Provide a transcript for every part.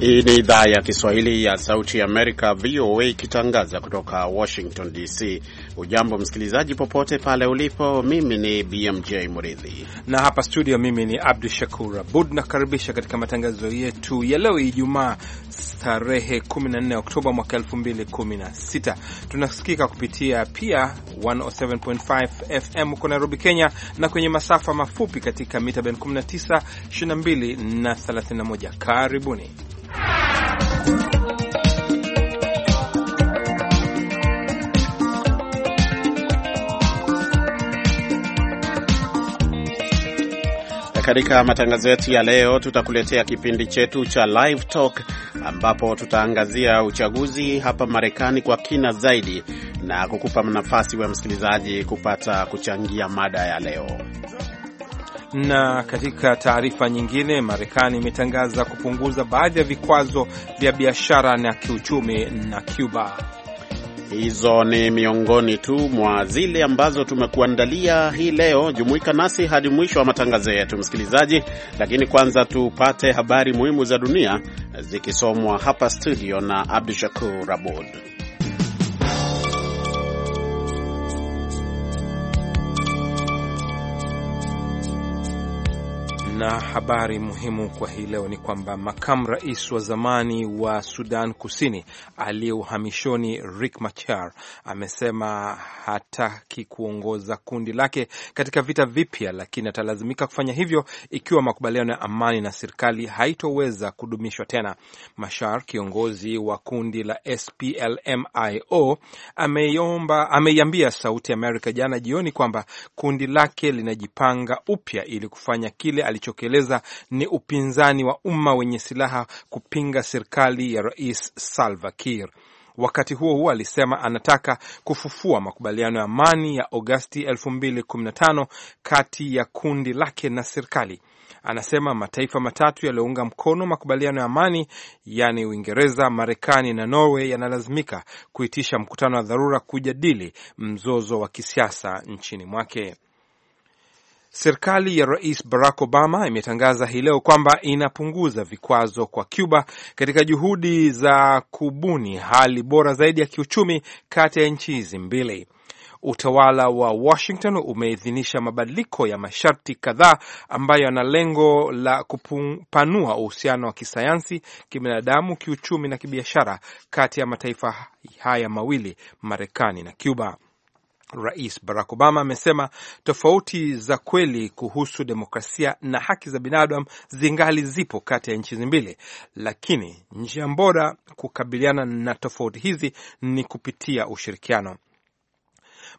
Hii ni idhaa ya Kiswahili ya Sauti ya Amerika, VOA, ikitangaza kutoka Washington DC. Ujambo msikilizaji, popote pale ulipo. Mimi ni BMJ mridhi na hapa studio, mimi ni Abdu Shakur Abud, nakaribisha katika matangazo yetu ya leo Ijumaa, tarehe 14 Oktoba mwaka 2016. Tunasikika kupitia pia 107.5 FM huko Nairobi, Kenya, na kwenye masafa mafupi katika mita ben 19, 22 na 31. Karibuni. Katika matangazo yetu ya leo tutakuletea kipindi chetu cha Live Talk ambapo tutaangazia uchaguzi hapa Marekani kwa kina zaidi na kukupa nafasi wa msikilizaji kupata kuchangia mada ya leo. Na katika taarifa nyingine, Marekani imetangaza kupunguza baadhi ya vikwazo vya biashara na kiuchumi na Cuba. Hizo ni miongoni tu mwa zile ambazo tumekuandalia hii leo. Jumuika nasi hadi mwisho wa matangazo yetu, msikilizaji, lakini kwanza tupate habari muhimu za dunia zikisomwa hapa studio na Abdu Shakur Abud. na habari muhimu kwa hii leo ni kwamba makamu rais wa zamani wa Sudan Kusini aliye uhamishoni Riek Machar amesema hataki kuongoza kundi lake katika vita vipya, lakini atalazimika kufanya hivyo ikiwa makubaliano ya amani na serikali haitoweza kudumishwa tena. Machar, kiongozi wa kundi la SPLMIO, ameiomba ameiambia Sauti Amerika jana jioni kwamba kundi lake linajipanga upya ili kufanya kile alicho anachokieleza ni upinzani wa umma wenye silaha kupinga serikali ya Rais Salva Kiir. Wakati huo huo alisema anataka kufufua makubaliano ya amani ya Agosti 2015 kati ya kundi lake na serikali. Anasema mataifa matatu yaliyounga mkono makubaliano ya amani yaani Uingereza, Marekani na Norway yanalazimika kuitisha mkutano wa dharura kujadili mzozo wa kisiasa nchini mwake. Serikali ya Rais Barack Obama imetangaza hii leo kwamba inapunguza vikwazo kwa Cuba katika juhudi za kubuni hali bora zaidi ya kiuchumi kati ya nchi hizi mbili. Utawala wa Washington umeidhinisha mabadiliko ya masharti kadhaa ambayo yana lengo la kupanua uhusiano wa kisayansi, kibinadamu, kiuchumi na kibiashara kati ya mataifa haya mawili, Marekani na Cuba. Rais Barack Obama amesema tofauti za kweli kuhusu demokrasia na haki za binadamu zingali zipo kati ya nchi hizi mbili, lakini njia bora kukabiliana na tofauti hizi ni kupitia ushirikiano.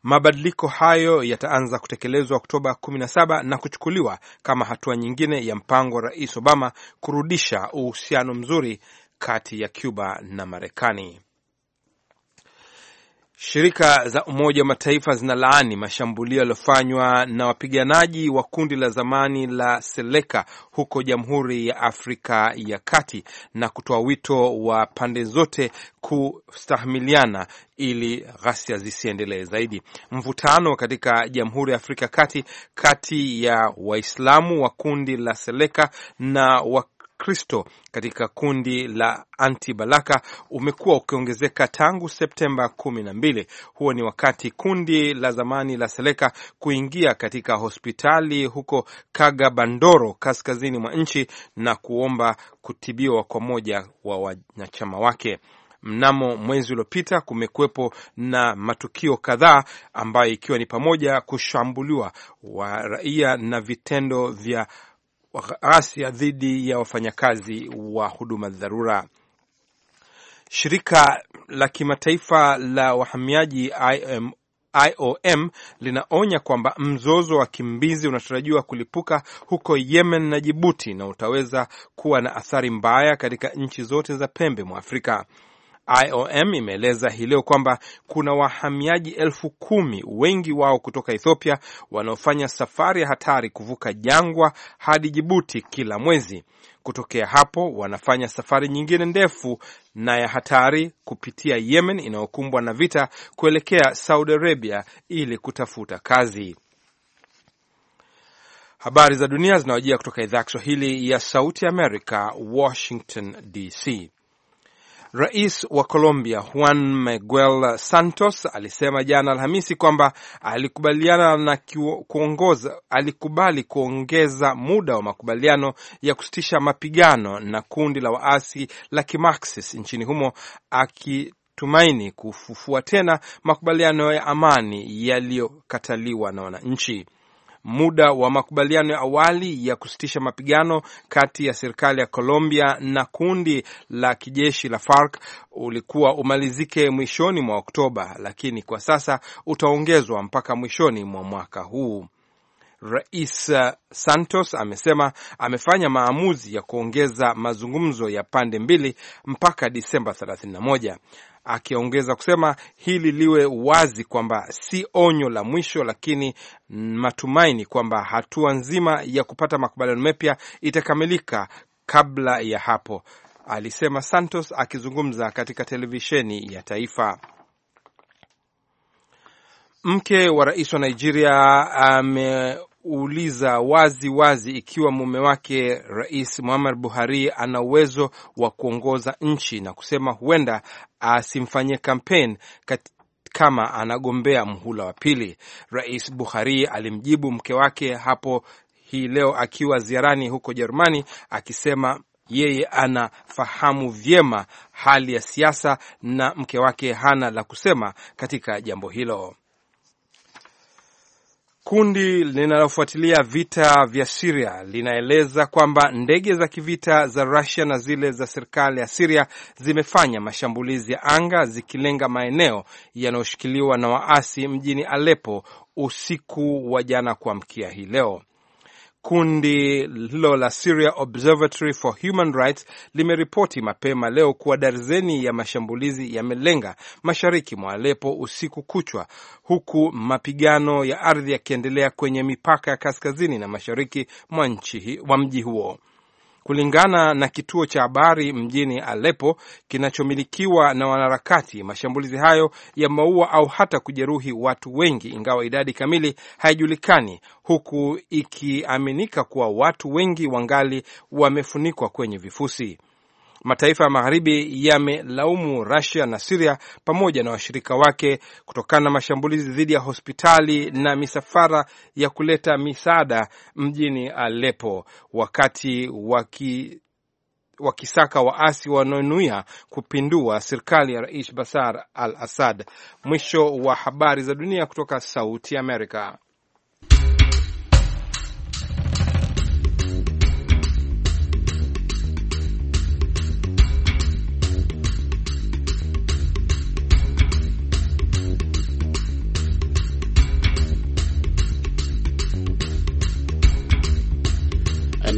Mabadiliko hayo yataanza kutekelezwa Oktoba 17 na kuchukuliwa kama hatua nyingine ya mpango wa Rais Obama kurudisha uhusiano mzuri kati ya Cuba na Marekani. Shirika za Umoja wa Mataifa zinalaani mashambulio yaliyofanywa na wapiganaji wa kundi la zamani la Seleka huko Jamhuri ya Afrika ya Kati na kutoa wito wa pande zote kustahimiliana ili ghasia zisiendelee zaidi. Mvutano katika Jamhuri ya Afrika ya Kati kati ya Waislamu wa kundi la Seleka na wa Kristo katika kundi la anti-balaka umekuwa ukiongezeka tangu Septemba kumi na mbili. Huo ni wakati kundi la zamani la Seleka kuingia katika hospitali huko Kagabandoro kaskazini mwa nchi na kuomba kutibiwa kwa moja wa wanachama wake. Mnamo mwezi uliopita kumekuwepo na matukio kadhaa ambayo ikiwa ni pamoja kushambuliwa wa raia na vitendo vya ghasia dhidi ya wafanyakazi wa huduma dharura. Shirika la kimataifa la wahamiaji IOM, IOM linaonya kwamba mzozo wa wakimbizi unatarajiwa kulipuka huko Yemen na Jibuti na utaweza kuwa na athari mbaya katika nchi zote za pembe mwa Afrika. IOM imeeleza hii leo kwamba kuna wahamiaji elfu kumi, wengi wao kutoka Ethiopia, wanaofanya safari ya hatari kuvuka jangwa hadi Jibuti kila mwezi. Kutokea hapo wanafanya safari nyingine ndefu na ya hatari kupitia Yemen inayokumbwa na vita kuelekea Saudi Arabia ili kutafuta kazi. Habari za dunia zinawajia kutoka idhaa ya Kiswahili ya Sauti Amerika, Washington DC. Rais wa Colombia Juan Miguel Santos alisema jana Alhamisi kwamba alikubaliana na kuongoza, alikubali kuongeza muda wa makubaliano ya kusitisha mapigano na kundi la waasi la Kimaxis nchini humo aki tumaini kufufua tena makubaliano ya amani yaliyokataliwa na wananchi muda wa makubaliano ya awali ya kusitisha mapigano kati ya serikali ya Colombia na kundi la kijeshi la FARC ulikuwa umalizike mwishoni mwa Oktoba, lakini kwa sasa utaongezwa mpaka mwishoni mwa mwaka huu. Rais uh, Santos amesema amefanya maamuzi ya kuongeza mazungumzo ya pande mbili mpaka Disemba akiongeza kusema hili liwe wazi kwamba si onyo la mwisho, lakini matumaini kwamba hatua nzima ya kupata makubaliano mapya itakamilika kabla ya hapo, alisema Santos akizungumza katika televisheni ya taifa. Mke wa rais wa Nigeria ame kuuliza wazi wazi ikiwa mume wake Rais muhamar Buhari ana uwezo wa kuongoza nchi na kusema huenda asimfanyie kampeni kama anagombea mhula wa pili. Rais Buhari alimjibu mke wake hapo hii leo akiwa ziarani huko Jerumani akisema yeye anafahamu vyema hali ya siasa na mke wake hana la kusema katika jambo hilo. Kundi linalofuatilia vita vya Siria linaeleza kwamba ndege za kivita za Rusia na zile za serikali ya Siria zimefanya mashambulizi ya anga zikilenga maeneo yanayoshikiliwa na waasi mjini Alepo usiku wa jana kuamkia hii leo. Kundi hilo la Syria Observatory for Human Rights limeripoti mapema leo kuwa darzeni ya mashambulizi yamelenga mashariki mwa Alepo usiku kuchwa, huku mapigano ya ardhi yakiendelea kwenye mipaka ya kaskazini na mashariki mwa mji huo. Kulingana na kituo cha habari mjini Aleppo kinachomilikiwa na wanaharakati, mashambulizi hayo yameua au hata kujeruhi watu wengi, ingawa idadi kamili haijulikani, huku ikiaminika kuwa watu wengi wangali wamefunikwa kwenye vifusi. Mataifa ya Magharibi yamelaumu Rusia na Siria pamoja na washirika wake kutokana na mashambulizi dhidi ya hospitali na misafara ya kuleta misaada mjini Alepo wakati waki wakisaka waasi wanaonuia kupindua serikali ya Rais Bashar al Assad. Mwisho wa habari za dunia kutoka Sauti Amerika.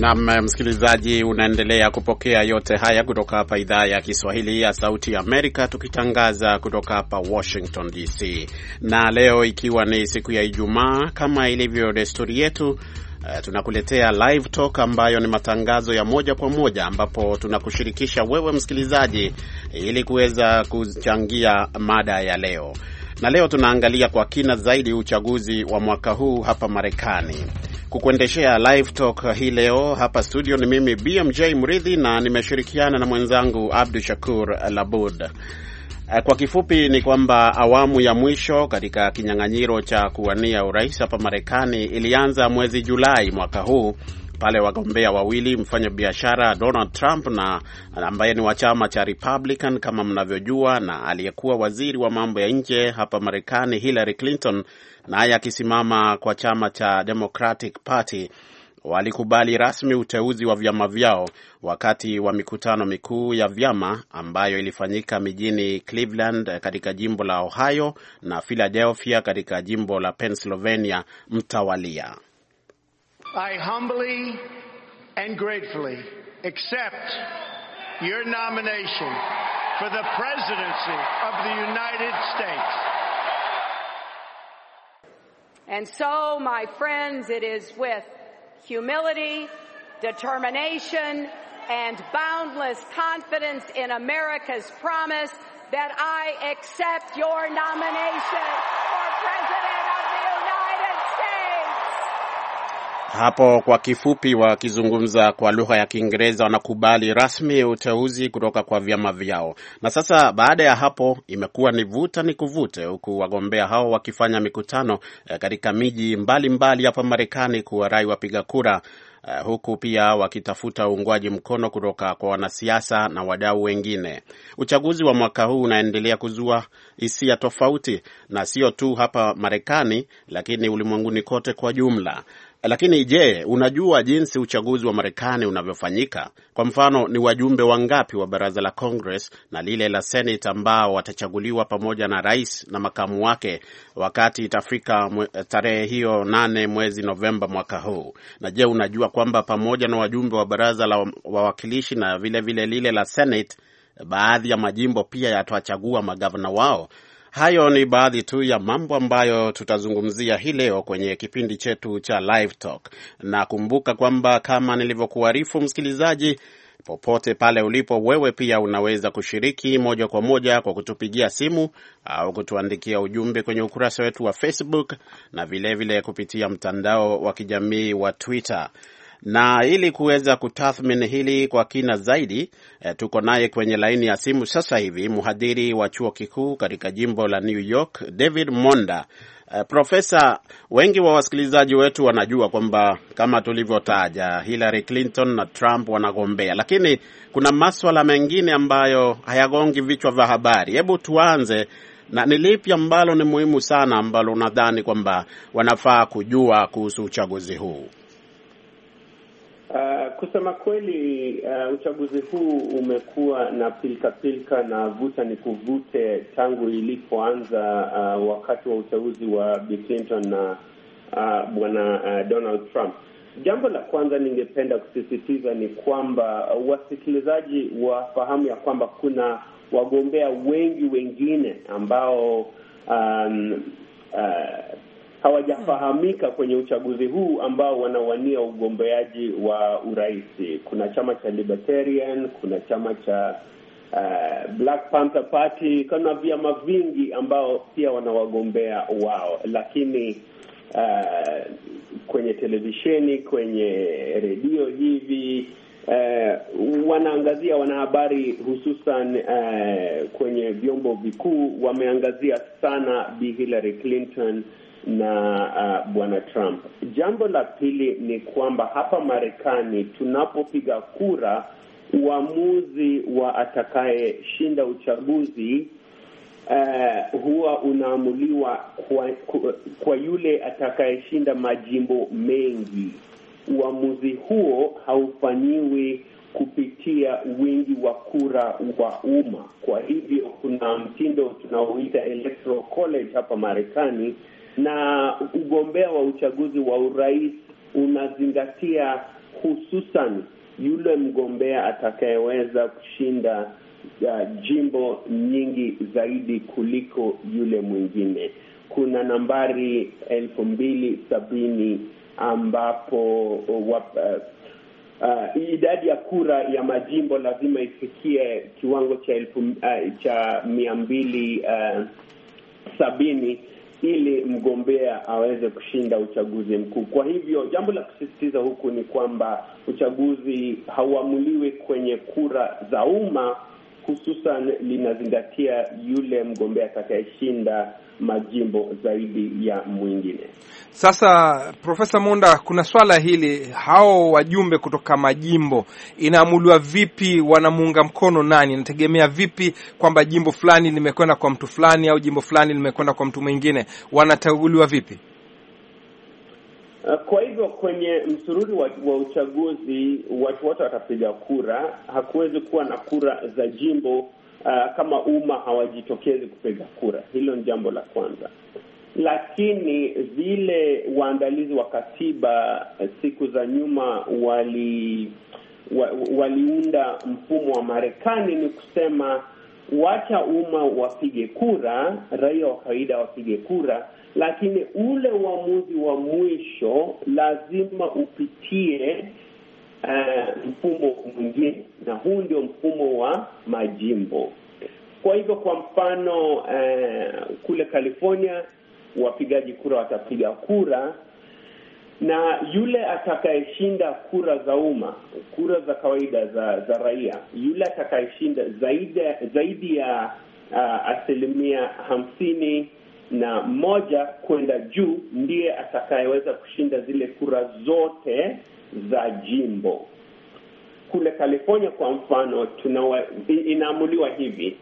Nam msikilizaji, unaendelea kupokea yote haya kutoka hapa idhaa ya Kiswahili ya Sauti ya Amerika, tukitangaza kutoka hapa Washington DC. Na leo ikiwa ni siku ya Ijumaa, kama ilivyo desturi yetu Uh, tunakuletea live talk ambayo ni matangazo ya moja kwa moja ambapo tunakushirikisha wewe msikilizaji ili kuweza kuchangia mada ya leo. Na leo tunaangalia kwa kina zaidi uchaguzi wa mwaka huu hapa Marekani. Kukuendeshea live talk hii leo hapa studio ni mimi BMJ Mridhi, na nimeshirikiana na mwenzangu Abdu Shakur Labud. Eh, kwa kifupi ni kwamba awamu ya mwisho katika kinyang'anyiro cha kuwania urais hapa Marekani ilianza mwezi Julai mwaka huu pale wagombea wawili mfanya biashara Donald Trump na ambaye ni wa chama cha Republican kama mnavyojua, na aliyekuwa waziri wa mambo ya nje hapa Marekani Hillary Clinton naye akisimama kwa chama cha Democratic Party walikubali rasmi uteuzi wa vyama vyao wakati wa mikutano mikuu ya vyama ambayo ilifanyika mijini Cleveland katika jimbo la Ohio na Philadelphia katika jimbo la Pennsylvania mtawalia. I humbly and gratefully accept your nomination for the presidency of the United States. And so, my friends, it is with humility, determination, and boundless confidence in America's promise that I accept your nomination. Hapo kwa kifupi, wakizungumza kwa lugha ya Kiingereza, wanakubali rasmi uteuzi kutoka kwa vyama vyao. Na sasa baada ya hapo imekuwa ni vuta ni kuvute, huku wagombea hao wakifanya mikutano eh, katika miji mbalimbali hapa Marekani kuwarai wapiga kura, eh, huku pia wakitafuta uungwaji mkono kutoka kwa wanasiasa na wadau wengine. Uchaguzi wa mwaka huu unaendelea kuzua hisia tofauti, na sio tu hapa Marekani, lakini ulimwenguni kote kwa jumla. Lakini je, unajua jinsi uchaguzi wa Marekani unavyofanyika? Kwa mfano, ni wajumbe wangapi wa baraza la Congress na lile la Senate ambao watachaguliwa pamoja na rais na makamu wake wakati itafika tarehe hiyo nane mwezi Novemba mwaka huu? Na je, unajua kwamba pamoja na wajumbe wa baraza la wawakilishi na vilevile vile lile la Senate, baadhi ya majimbo pia yatawachagua magavana wao Hayo ni baadhi tu ya mambo ambayo tutazungumzia hii leo kwenye kipindi chetu cha Live Talk, na kumbuka kwamba kama nilivyokuarifu msikilizaji, popote pale ulipo wewe pia unaweza kushiriki moja kwa moja kwa kutupigia simu au kutuandikia ujumbe kwenye ukurasa wetu wa Facebook na vilevile vile kupitia mtandao wa kijamii wa Twitter na ili kuweza kutathmini hili kwa kina zaidi eh, tuko naye kwenye laini ya simu sasa hivi mhadhiri wa chuo kikuu katika jimbo la New York David Monda. E, profesa, wengi wa wasikilizaji wetu wanajua kwamba kama tulivyotaja Hillary Clinton na Trump wanagombea, lakini kuna maswala mengine ambayo hayagongi vichwa vya habari. Hebu tuanze na ni lipi ambalo ni muhimu sana ambalo unadhani kwamba wanafaa kujua kuhusu uchaguzi huu? Uh, kusema kweli uh, uchaguzi huu umekuwa na pilkapilka -pilka na vuta ni kuvute tangu ilipoanza uh, wakati wa uteuzi wa Bill Clinton na uh, bwana uh, Donald Trump. Jambo la kwanza ningependa kusisitiza ni kwamba wasikilizaji wafahamu ya kwamba kuna wagombea wengi wengine ambao um, uh, hawajafahamika kwenye uchaguzi huu ambao wanawania ugombeaji wa urais. Kuna chama cha Libertarian, kuna chama cha uh, Black Panther Party, kuna vyama vingi ambao pia wanawagombea wao, lakini uh, kwenye televisheni, kwenye redio hivi Uh, wanaangazia wanahabari hususan uh, kwenye vyombo vikuu wameangazia sana Bi Hillary Clinton na uh, bwana Trump. Jambo la pili ni kwamba hapa Marekani tunapopiga kura, uamuzi wa atakayeshinda uchaguzi uh, huwa unaamuliwa kwa, kwa, kwa yule atakayeshinda majimbo mengi. Uamuzi huo haufanyiwi kupitia wingi wa kura wa umma. Kwa hivyo kuna mtindo tunaoita electoral college hapa Marekani na ugombea wa uchaguzi wa urais unazingatia hususan yule mgombea atakayeweza kushinda uh, jimbo nyingi zaidi kuliko yule mwingine. Kuna nambari elfu mbili sabini ambapo uh, wap, uh, Uh, idadi ya kura ya majimbo lazima ifikie kiwango cha elfu, uh, cha mia mbili uh, sabini ili mgombea aweze kushinda uchaguzi mkuu. Kwa hivyo jambo la kusisitiza huku ni kwamba uchaguzi hauamuliwi kwenye kura za umma, hususan linazingatia yule mgombea atakayeshinda majimbo zaidi ya mwingine. Sasa Profesa Monda, kuna swala hili, hao wajumbe kutoka majimbo inaamuliwa vipi? Wanamuunga mkono nani? Inategemea vipi kwamba jimbo fulani limekwenda kwa mtu fulani au jimbo fulani limekwenda kwa mtu mwingine? Wanachaguliwa vipi? Kwa hivyo kwenye msururu wa, wa uchaguzi watu wote watapiga kura. Hakuwezi kuwa na kura za jimbo uh, kama umma hawajitokezi kupiga kura. Hilo ni jambo la kwanza lakini vile waandalizi wa katiba eh, siku za nyuma wali waliunda mfumo wa Marekani ni kusema wacha umma wapige kura, raia wa kawaida wapige kura, lakini ule uamuzi wa mwisho lazima upitie uh, mfumo mwingine, na huu ndio mfumo wa majimbo. Kwa hivyo, kwa mfano uh, kule California wapigaji kura watapiga kura na yule atakayeshinda kura za umma, kura za kawaida za za raia, yule atakayeshinda zaidi zaidi ya uh, asilimia hamsini na moja kwenda juu ndiye atakayeweza kushinda zile kura zote za jimbo. Kule California kwa mfano, inaamuliwa hivi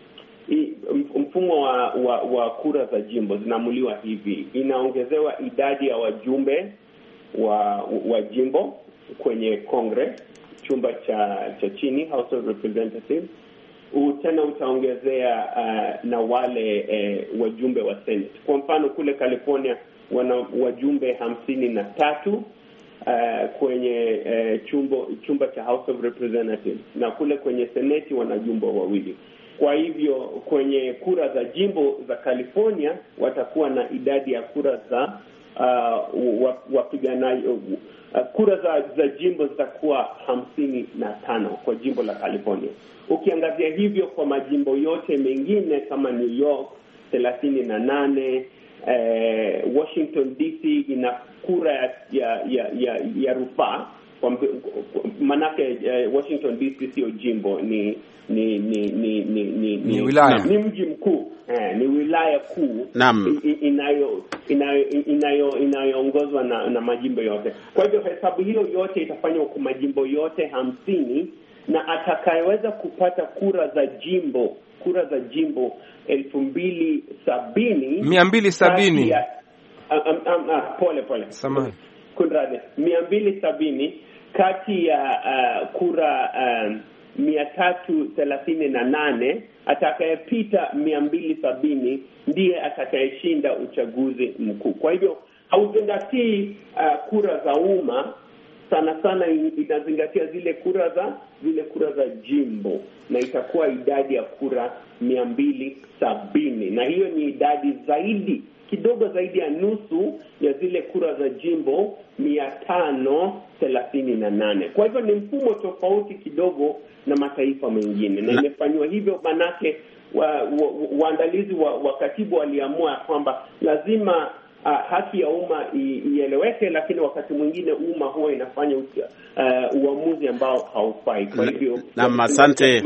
mfumo wa, wa, wa kura za jimbo zinaamuliwa hivi, inaongezewa idadi ya wajumbe wa wa jimbo kwenye Congress, chumba cha cha chini House of Representatives. Tena utaongezea uh, na wale eh, wajumbe wa Senate. Kwa mfano kule California wana wajumbe hamsini na tatu uh, kwenye eh, chumbo, chumba cha House of Representatives na kule kwenye Senate wana jumbo wawili. Kwa hivyo kwenye kura za jimbo za California watakuwa na idadi ya kura za uh, wapiganaji uh, kura za, za jimbo zitakuwa hamsini na tano kwa jimbo la California. Ukiangazia hivyo kwa majimbo yote mengine kama New York thelathini na nane eh, Washington DC ina kura ya, ya, ya, ya, ya rufaa manake uh, Washington DC sio jimbo, ni ni ni ni ni, ni, ni wilaya, ni mji mkuu eh, ni wilaya kuu inayo inayo inayoongozwa na, na majimbo yote. Kwa hivyo hesabu hiyo yote itafanywa kwa majimbo yote hamsini na atakayeweza kupata kura za jimbo kura za jimbo elfu mbili sabini mia mbili sabini ah, pole pole, samahani, kunradhi, mia mbili sabini kati ya uh, kura uh, mia tatu thelathini na nane atakayepita mia mbili sabini ndiye atakayeshinda uchaguzi mkuu. Kwa hivyo hauzingatii uh, kura za umma sana sana, inazingatia zile kura za zile kura za jimbo, na itakuwa idadi ya kura mia mbili sabini na hiyo ni idadi zaidi kidogo zaidi ya nusu ya zile kura za jimbo mia tano thelathini na nane. Kwa hivyo ni mfumo tofauti kidogo na mataifa mengine, na imefanyiwa hivyo manake waandalizi wa, wa, wa, wa katibu waliamua kwamba lazima Uh, haki ya umma ieleweke, lakini wakati mwingine umma huwa inafanya uh, uamuzi ambao haufai. Kwa hivyo asante,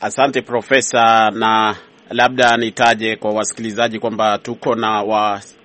asante Profesa na labda nitaje kwa wasikilizaji kwamba tuko na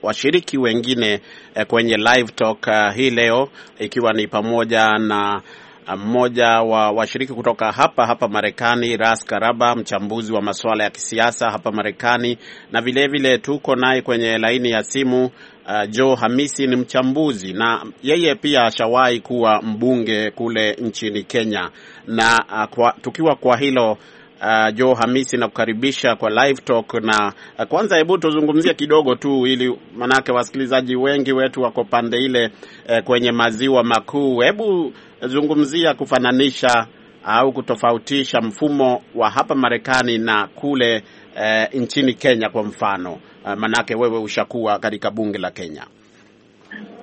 washiriki wa wengine eh, kwenye live talk eh, hii leo, ikiwa ni pamoja na eh, mmoja wa washiriki kutoka hapa hapa Marekani, Ras Karaba, mchambuzi wa masuala ya kisiasa hapa Marekani, na vilevile vile tuko naye kwenye laini ya simu uh, Joe Hamisi ni mchambuzi na yeye pia ashawahi kuwa mbunge kule nchini Kenya na uh, kwa, tukiwa kwa hilo uh, Jo Hamisi na kukaribisha kwa live talk. Na uh, kwanza hebu tuzungumzie kidogo tu, ili manake wasikilizaji wengi wetu wako pande ile uh, kwenye maziwa makuu. Hebu zungumzia kufananisha au kutofautisha mfumo wa hapa Marekani na kule uh, nchini Kenya kwa mfano uh, manake wewe ushakuwa katika bunge la Kenya.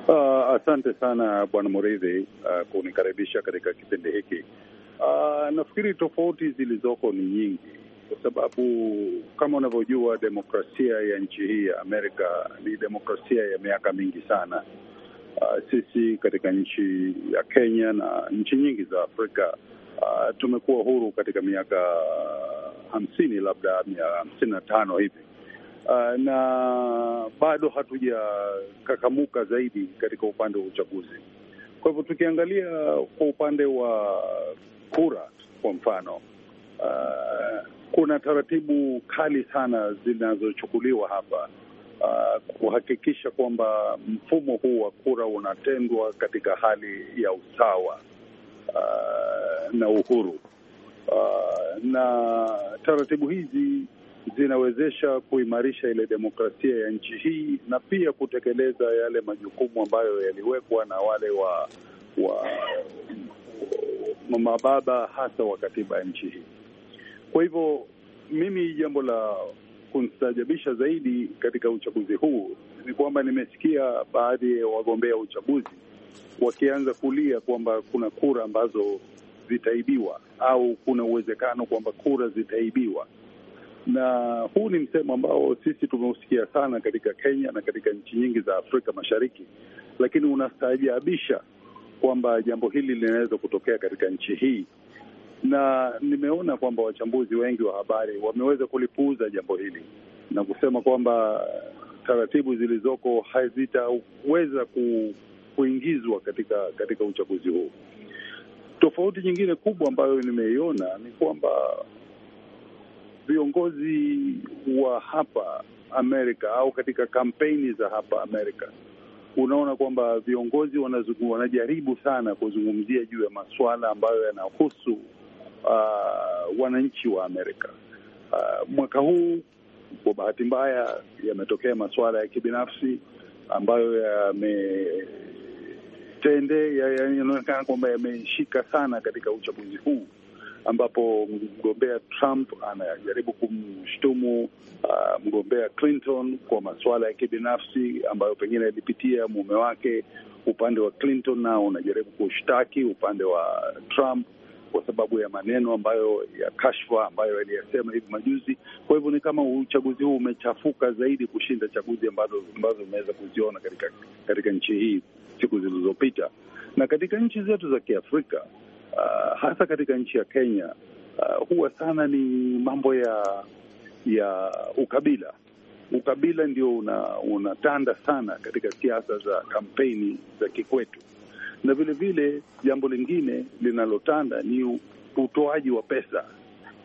Uh, asante sana Bwana Muridhi uh, kunikaribisha katika kipindi hiki. Uh, nafikiri tofauti zilizoko ni nyingi, kwa sababu kama unavyojua demokrasia ya nchi hii ya Amerika ni demokrasia ya miaka mingi sana. Uh, sisi katika nchi ya Kenya na nchi nyingi za Afrika uh, tumekuwa huru katika miaka hamsini labda mia hamsini na tano hivi uh, na bado hatujakakamuka zaidi katika upande wa uchaguzi. Kwa hivyo tukiangalia kwa upande wa kura kwa mfano, uh, kuna taratibu kali sana zinazochukuliwa hapa uh, kuhakikisha kwamba mfumo huu wa kura unatendwa katika hali ya usawa uh, na uhuru uh, na taratibu hizi zinawezesha kuimarisha ile demokrasia ya nchi hii na pia kutekeleza yale majukumu ambayo yaliwekwa na wale wa, wa mababa hasa wa katiba ya nchi hii. Kwa hivyo mimi, jambo la kunstajabisha zaidi katika uchaguzi huu ni kwamba nimesikia baadhi ya wagombea uchaguzi wakianza kulia kwamba kuna kura ambazo zitaibiwa au kuna uwezekano kwamba kura zitaibiwa, na huu ni msemo ambao sisi tumeusikia sana katika Kenya na katika nchi nyingi za Afrika Mashariki, lakini unastaajabisha kwamba jambo hili linaweza kutokea katika nchi hii, na nimeona kwamba wachambuzi wengi wa habari wameweza kulipuuza jambo hili na kusema kwamba taratibu zilizoko hazitaweza ku, kuingizwa katika katika uchaguzi huu. Tofauti nyingine kubwa ambayo nimeiona ni kwamba viongozi wa hapa Amerika au katika kampeni za hapa Amerika unaona kwamba viongozi wanajaribu sana kuzungumzia juu ya masuala ambayo yanahusu uh, wananchi wa Amerika. Uh, mwaka huu kwa bahati mbaya yametokea masuala ya kibinafsi ambayo yametende yanaonekana ya, kwamba yameshika sana katika uchaguzi huu ambapo mgombea Trump anajaribu kumshtumu uh, mgombea Clinton kwa masuala ya kibinafsi ambayo pengine alipitia mume wake. Upande wa Clinton nao unajaribu kushtaki upande wa Trump kwa sababu ya maneno ambayo ya kashfa ambayo aliyasema hivi majuzi. Kwa hivyo ni kama uchaguzi huu umechafuka zaidi kushinda chaguzi ambazo ambazo umeweza kuziona katika katika nchi hii siku zilizopita, na katika nchi zetu za Kiafrika uh, hasa katika nchi ya Kenya uh, huwa sana ni mambo ya ya ukabila. Ukabila ndio unatanda una sana katika siasa za kampeni za Kikwetu, na vilevile jambo lingine linalotanda ni utoaji wa pesa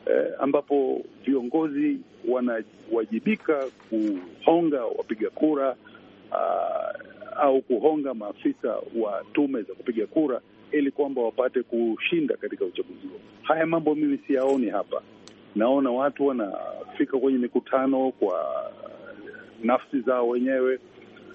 eh, ambapo viongozi wanawajibika kuhonga wapiga kura uh, au kuhonga maafisa wa tume za kupiga kura ili kwamba wapate kushinda katika uchaguzi huo. Haya mambo mimi siyaoni hapa, naona watu wanafika kwenye mikutano kwa nafsi zao wenyewe,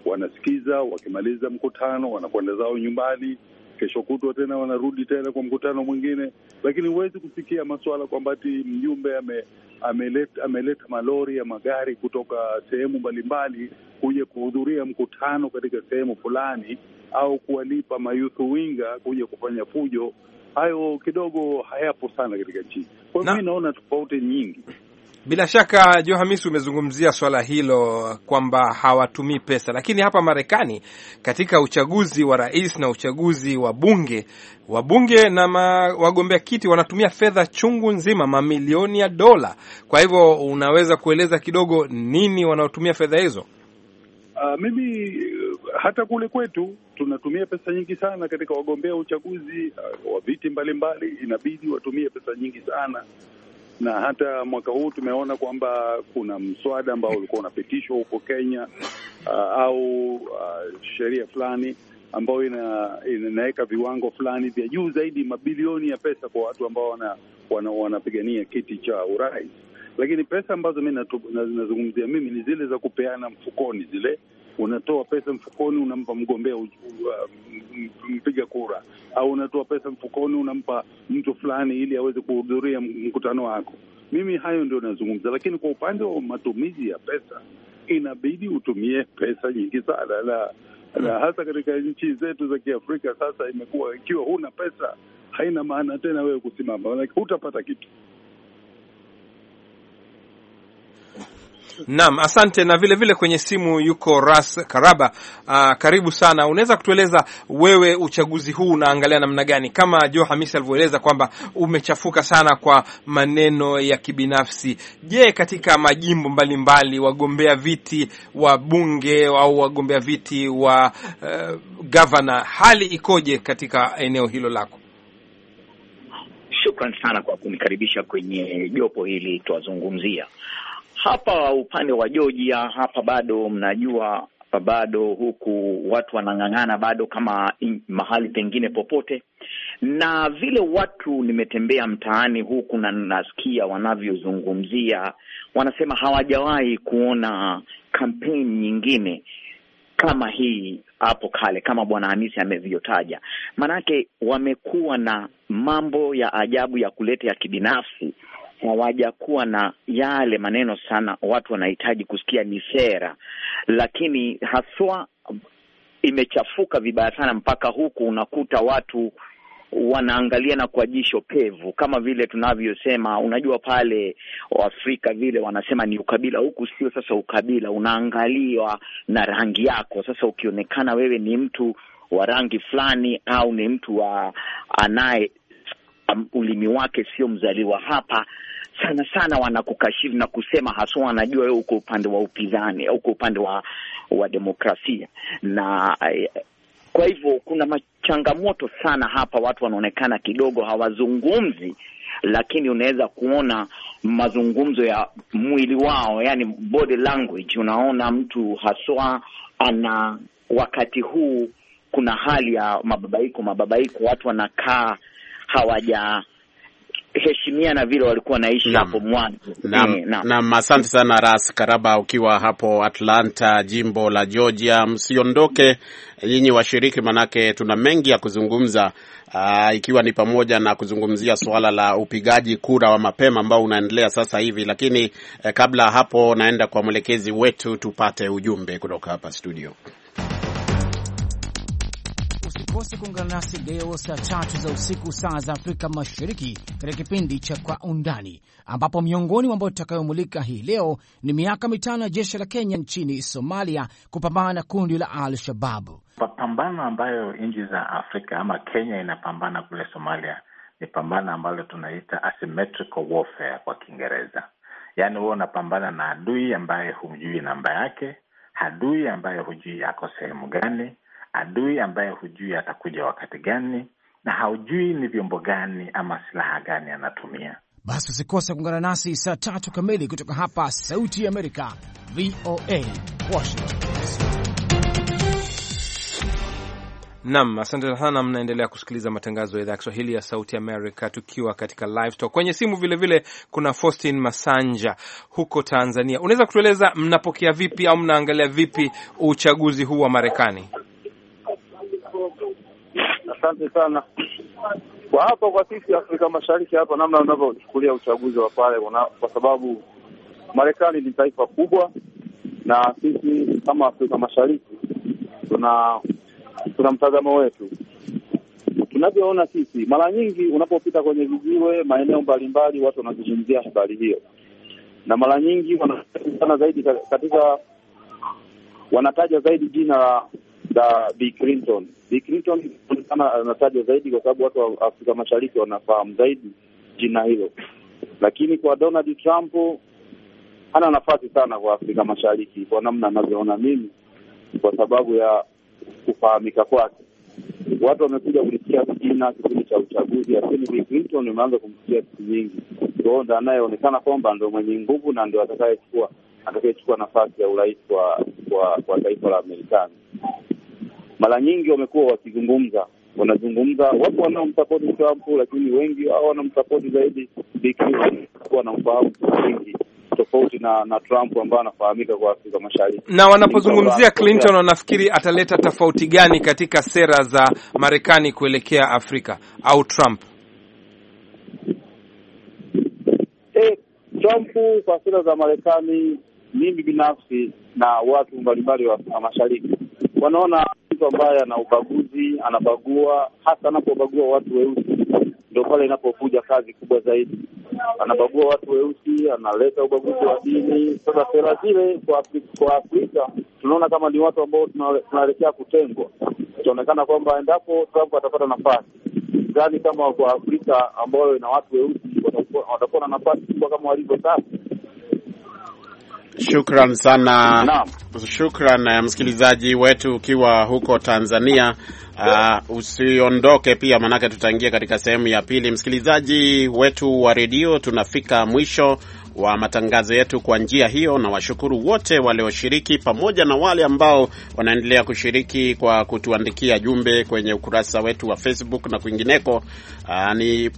wanasikiza, wakimaliza mkutano wanakwenda zao nyumbani, kesho kutwa tena wanarudi tena kwa mkutano mwingine, lakini huwezi kusikia masuala kwamba ati mjumbe ame ameleta ameleta malori ya magari kutoka sehemu mbalimbali kuja kuhudhuria mkutano katika sehemu fulani au kuwalipa mayuthu winga kuja kufanya fujo, hayo kidogo hayapo sana katika nchi. Kwa hiyo mi naona tofauti nyingi. Bila shaka Johamisi, umezungumzia swala hilo kwamba hawatumii pesa, lakini hapa Marekani katika uchaguzi wa rais na uchaguzi wa bunge, wabunge na wagombea kiti wanatumia fedha chungu nzima, mamilioni ya dola. Kwa hivyo unaweza kueleza kidogo nini wanaotumia fedha hizo? Uh, mimi hata kule kwetu tunatumia pesa nyingi sana katika wagombea uchaguzi uh, wa viti mbalimbali, inabidi watumie pesa nyingi sana na hata mwaka huu tumeona kwamba kuna mswada ambao ulikuwa unapitishwa huko Kenya uh, au uh, sheria fulani ambayo ina, inaweka viwango fulani vya juu zaidi, mabilioni ya pesa kwa watu ambao wanapigania wana, wana kiti cha urais. Lakini pesa ambazo mi nazungumzia mimi ni zile za kupeana mfukoni, zile unatoa pesa mfukoni unampa mgombea uh, mpiga kura, au unatoa pesa mfukoni unampa mtu fulani ili aweze kuhudhuria mkutano wako. Mimi hayo ndio nazungumza, lakini kwa upande wa matumizi ya pesa inabidi utumie pesa nyingi sana na, na hasa katika nchi zetu za Kiafrika sasa imekuwa ikiwa huna pesa haina maana tena wewe kusimama, hutapata kitu. Naam, asante. Na vile vile kwenye simu yuko Ras Karaba. Aa, ah, karibu sana. Unaweza kutueleza wewe uchaguzi huu unaangalia namna gani? Kama Jo Hamisi alivyoeleza kwamba umechafuka sana kwa maneno ya kibinafsi. Je, katika majimbo mbalimbali wagombea viti wa bunge au wagombea viti wa uh, gavana, hali ikoje katika eneo hilo lako? Shukran sana kwa kunikaribisha kwenye jopo hili tuwazungumzia hapa upande wa Georgia hapa bado mnajua, hapa bado huku watu wanang'ang'ana bado kama in, mahali pengine popote, na vile watu nimetembea mtaani huku na nasikia wanavyozungumzia, wanasema hawajawahi kuona kampeni nyingine kama hii hapo kale, kama Bwana Hamisi amevyotaja, maanake wamekuwa na mambo ya ajabu ya kuleta ya kibinafsi hawajakuwa na yale maneno sana watu wanahitaji kusikia ni sera, lakini haswa imechafuka vibaya sana mpaka huku unakuta watu wanaangalia na kwa jisho pevu, kama vile tunavyosema, unajua pale Waafrika vile wanasema ni ukabila. Huku sio sasa ukabila, unaangaliwa na rangi yako. Sasa ukionekana wewe ni mtu wa rangi fulani au ni mtu wa anaye um, ulimi wake sio mzaliwa hapa, sana sana wanakukashifu na kusema haswa, wanajua wewe uko upande wa upinzani au uko upande wa, wa demokrasia na eh, kwa hivyo kuna machangamoto sana hapa, watu wanaonekana kidogo hawazungumzi, lakini unaweza kuona mazungumzo ya mwili wao, yani body language. Unaona mtu haswa ana wakati huu kuna hali ya mababaiko, mababaiko, watu wanakaa hawaja heshimia na vile walikuwa naishi hapo mwanzo. Eh, naam, asante sana Ras Karaba, ukiwa hapo Atlanta, jimbo la Georgia. Msiondoke nyinyi washiriki, manake tuna mengi ya kuzungumza aa, ah, ikiwa ni pamoja na kuzungumzia suala la upigaji kura wa mapema ambao unaendelea sasa hivi, lakini eh, kabla hapo naenda kwa mwelekezi wetu tupate ujumbe kutoka hapa studio usikose kuungana nasi leo saa tatu za usiku saa za Afrika Mashariki katika kipindi cha Kwa Undani, ambapo miongoni mwa ambayo tutakayomulika hii leo ni miaka mitano ya jeshi la Kenya nchini Somalia kupambana na kundi la Al Shababu. Mapambano ambayo nchi za Afrika ama Kenya inapambana kule Somalia ni pambano ambalo tunaita asymmetrical warfare kwa Kiingereza, yaani huwa unapambana na adui ambaye humjui namba yake, adui ambaye hujui yako sehemu gani adui ambaye hujui atakuja wakati gani na haujui ni vyombo gani ama silaha gani anatumia. Basi usikose kuungana nasi saa tatu kamili kutoka hapa Sauti ya Amerika, VOA Washington Nam, asante sana. Mnaendelea kusikiliza matangazo ya idhaa ya Kiswahili ya Sauti Amerika, tukiwa katika live talk kwenye simu. Vilevile vile kuna Faustin Masanja huko Tanzania. Unaweza kutueleza mnapokea vipi au mnaangalia vipi uchaguzi huu wa Marekani? Asante sana kwa hapa kwa sisi Afrika Mashariki hapa, namna unavyochukulia uchaguzi wa pale, kwa sababu Marekani ni taifa kubwa, na sisi kama Afrika Mashariki tuna tuna mtazamo wetu tunavyoona sisi. Mara nyingi unapopita kwenye vijiwe, maeneo mbalimbali, watu wanazungumzia habari hiyo, na mara nyingi wanasana zaidi katika, wanataja zaidi jina la za Bi Clinton. Bi Clinton inaonekana anatajwa zaidi kwa sababu watu wa Afrika Mashariki wanafahamu zaidi jina hilo, lakini kwa Donald Trump hana nafasi sana kwa Afrika Mashariki kwa namna anavyoona mimi, kwa sababu ya kufahamika kwake. Watu wamekuja kulisikia jina kipindi cha uchaguzi, lakini Bi Clinton umeanza kumsikia siku nyingi, kwao ndo anayeonekana kwamba ndo mwenye nguvu na ndo atakayechukua atakayechukua nafasi ya urais kwa kwa taifa la amerikani mara nyingi wamekuwa wakizungumza, wanazungumza, wapo wanaomsapoti Trump, lakini wengi wao wanamsapoti zaidi wanamfahamu wengi tofauti na na Trump ambaye anafahamika kwa Afrika Mashariki. Na wanapozungumzia Clinton, wanafikiri ataleta tofauti gani katika sera za Marekani kuelekea Afrika au Trump? E, Trump kwa sera za Marekani, mimi binafsi na watu mbalimbali wa afrika Mashariki wanaona mtu ambaye ana ubaguzi, anabagua hasa anapobagua watu weusi, ndio pale inapokuja kazi kubwa zaidi. Anabagua watu weusi, analeta ubaguzi wa dini. Sasa sera zile kwa kwa Afrika tunaona kama ni watu ambao tunaelekea kutengwa. Itaonekana kwamba endapo Trump atapata nafasi gani, kama kwa Afrika ambayo ina watu weusi watakuwa na nafasi kubwa kama walivyo sasa Shukran sana Naam. Shukran eh, msikilizaji wetu ukiwa huko Tanzania. Uh, usiondoke pia manake tutaingia katika sehemu ya pili. Msikilizaji wetu wa redio, tunafika mwisho wa matangazo yetu kwa njia hiyo, na washukuru wote walioshiriki pamoja na wale ambao wanaendelea kushiriki kwa kutuandikia jumbe kwenye ukurasa wetu wa Facebook na kwingineko. Uh, ni